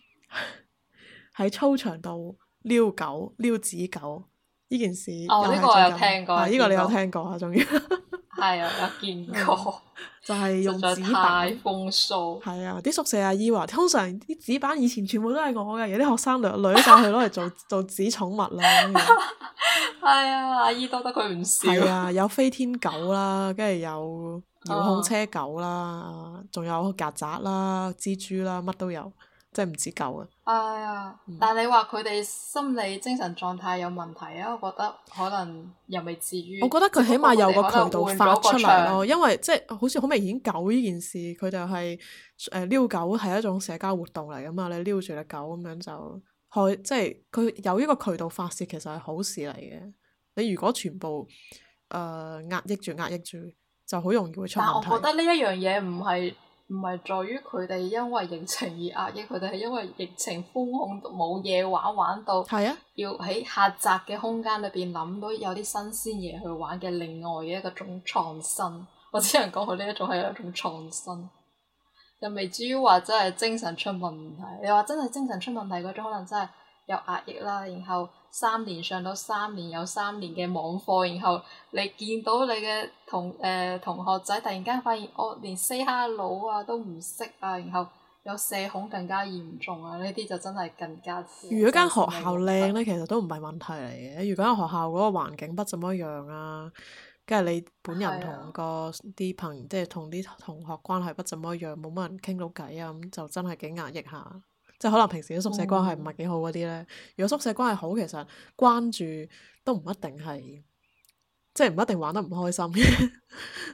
Speaker 1: 喺操場度撩狗、撩子狗。呢件事，呢、哦、個我有聽過，呢個你有聽過啊？仲要
Speaker 2: 係啊，有見過， <laughs> <laughs> 就係用紙板， <laughs> 用板風騷，係啊！
Speaker 1: 啲宿舍阿姨話，通常啲紙板以前全部都係我嘅，有啲學生掠掠曬去攞嚟做 <laughs> 做紙寵物啦。係啊
Speaker 2: <laughs> <laughs> 哎，阿姨多得佢唔少。係啊，
Speaker 1: 有飛天狗啦，跟住有遙控車狗啦，仲 <laughs> 有曱甴啦、蜘蛛啦，乜都有。即係唔止狗
Speaker 2: 啊！哎呀、嗯，但係你話佢哋心理精神狀態有問題啊？我覺得可能又未至於。我覺得佢起碼有個渠道發出嚟咯，
Speaker 1: 因為即係好似好明顯狗呢件事，佢就係誒遛狗係一種社交活動嚟噶嘛，你遛住隻狗咁樣就開，即係佢有呢個渠道發泄，其實係好事嚟嘅。你如果全部誒壓、呃、抑住、壓抑住，就好容易會出問題。但係我覺得呢
Speaker 2: 一樣嘢唔係。唔係在於佢哋因為疫情而壓抑，佢哋係因為疫情封控冇嘢玩，玩到要喺狹窄嘅空間裏邊諗到有啲新鮮嘢去玩嘅另外嘅一種創新。我只能講佢呢一種係一種創新，又未至於話真係精神出問題。你話真係精神出問題嗰種，可能真係有壓抑啦，然後。三年上到三年，有三年嘅網課，然後你見到你嘅同誒、呃、同學仔，突然間發現我、哦、連 say hello 啊都唔識啊，然後有社恐更加嚴重啊，呢啲就真係更加。如果間學
Speaker 1: 校靚咧，其實都唔係問題嚟嘅。如果間學校嗰個環境不怎麼樣啊，跟住你本人同個啲朋，是啊、即係同啲同學關係不怎麼樣，冇乜人傾到偈啊，咁就真係幾壓抑下。即係可能平時啲宿舍關係唔係幾好嗰啲咧。嗯、如果宿舍關係好，其實關注都唔一定係即係唔一定玩得唔開心， <laughs>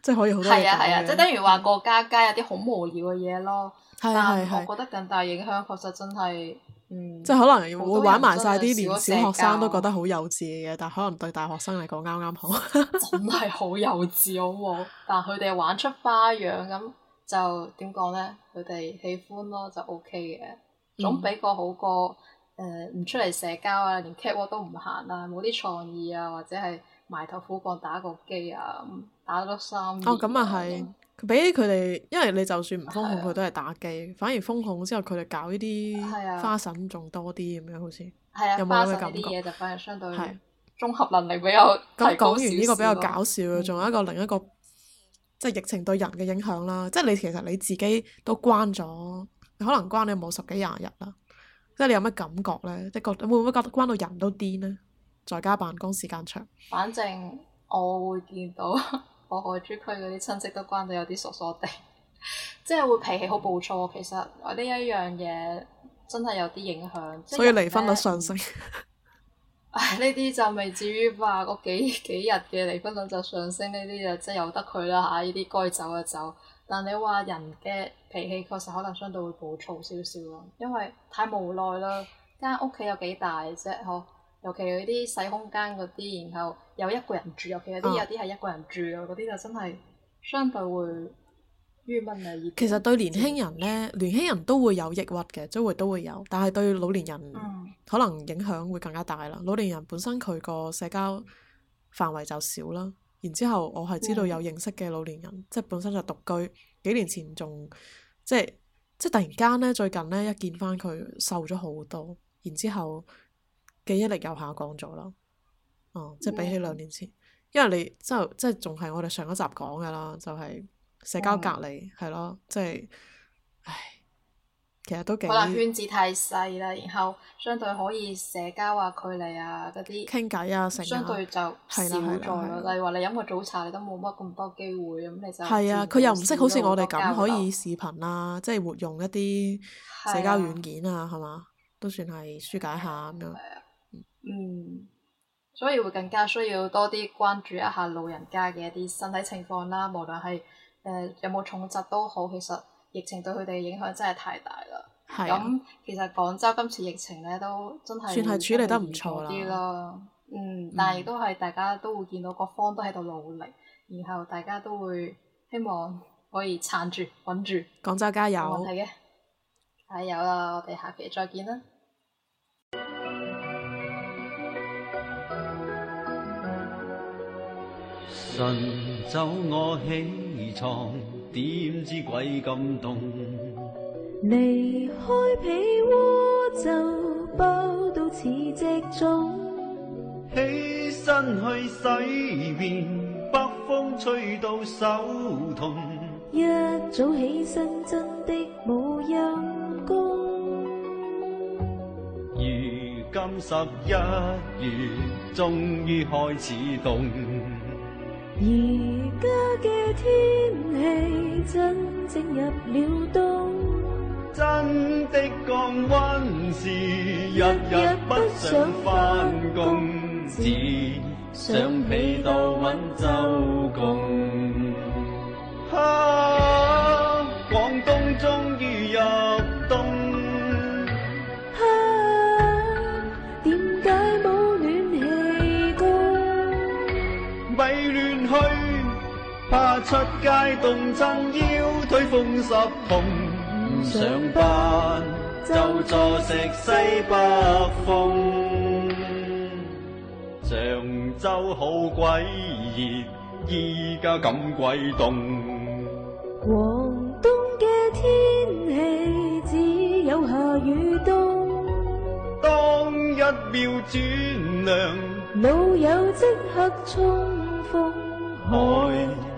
Speaker 1: 即係可以好多嘢講。係啊係啊，即係、啊就是、等於話
Speaker 2: 過家家有啲好無聊嘅嘢咯。係係啊，我覺得更大影響確實真係嗯。
Speaker 1: 即係可能會玩埋晒啲連小學生都覺得好幼稚嘅嘢，嗯、但可能對大學生嚟講啱啱好。 <laughs> 真係好幼稚，好唔好？
Speaker 2: 但佢哋玩出花樣，咁就點講咧？佢哋喜歡咯，就 O K 嘅。總比個好過，誒、呃、唔出嚟社交啊，連劇喎都唔行啊，冇啲創意啊，或者係埋頭苦幹打個機啊，打多三。哦，咁
Speaker 1: 啊係，佢俾佢哋，因為你就算唔封控，佢的都係打機，反而封控之後，佢哋搞呢啲花臣仲多啲咁樣，好似。係啊的。有冇啲嘅？就
Speaker 2: 反而相對
Speaker 1: 綜合能力比
Speaker 2: 較。咁講完呢個比較搞
Speaker 1: 笑仲、嗯、有一個另一個，即係疫情對人嘅影響啦。即係你其實你自己都關咗。可能關你冇十幾廿日啦，即係你有咩感覺呢？即係覺得會唔會覺得關到人都癲呢？在家辦公時間長，
Speaker 2: 反正我會見到我海珠區嗰啲親戚都關到有啲傻傻地， <laughs> 即係會脾氣好暴躁。其實我呢一樣嘢真係有啲影響，所以離婚率上升。唉，呢啲、 <laughs> 啊、就未至於話個幾幾日嘅離婚率就上升，呢啲就即係由得佢啦嚇。呢、啊、啲該走就走，走但你話人嘅。脾氣確實可能相對會暴躁少少咯，因為太無奈啦。間屋企有幾大啫，嗬？尤其嗰啲細空間嗰啲，然後有一個人住，尤其有啲有啲係一個人住啊。嗰啲，就真係相對會鬱悶嘅。其實對年輕人
Speaker 1: 咧，年輕人都會有抑鬱嘅，都會都會有，但係對老年人可能影響會更加大啦。老年人本身佢個社交範圍就少啦。然之後我係知道有認識嘅老年人，即係本身就獨居幾年前仲。即係即係突然間咧，最近咧一見翻佢瘦咗好多，然之後記憶力又下降咗咯。哦、嗯，即係比起兩年前，因為你之後即係仲係我哋上一集講嘅啦，就係、是、社交隔離係咯，即係唉。可能圈
Speaker 2: 子太細啦，然後相對可以社交啊、距離啊嗰啲傾偈啊，成日就少咗。例如話你飲個早茶，你都冇乜咁多機會咁，的你就係啊，佢又唔識好似我哋咁可以
Speaker 1: 視頻啊，即係活用一啲社交軟件啊，係嘛的？都算係舒解下咁樣。嗯，
Speaker 2: 所以會更加需要多啲關注一下老人家嘅一啲身體情況啦、啊。無論係誒、呃、有冇重疾都好，其實。疫情對佢哋影響真係太大啦，咁、啊、其實廣州今次疫情咧都真係算係處理得唔錯啲咯，嗯，但係亦都係大家都會見到各方都喺度努力，然後大家都會希望可以撐住穩住廣州，加油，冇問題嘅，係有啦，我哋下期再見啦。
Speaker 3: 晨走、嗯，我起床。點知鬼咁凍？離開被窩就包到似隻粽，起身去洗面，北風吹到手痛。一早起身真的冇陰功。如今十一月終於開始凍。而家嘅天氣真正入了冬，真的降溫時，日日不想翻工，只想被窩搵周公。出街凍親腰腿風，推風濕痛唔上班，就坐食西北風。上周好鬼熱，依家咁鬼凍。廣東嘅天氣只有夏與冬，當一秒轉涼，老友即刻衝鋒海。哎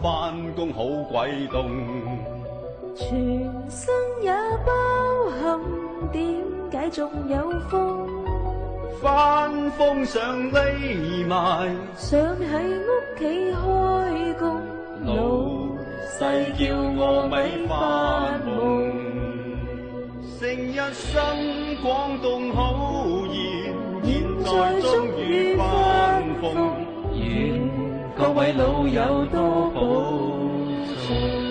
Speaker 3: 翻工好鬼凍，全身也包含，點解仲有風？翻風上匿埋，想喺屋企開工，老細叫我咪發夢，成一生廣東口音，現在終於翻風。原 各位老友多保重。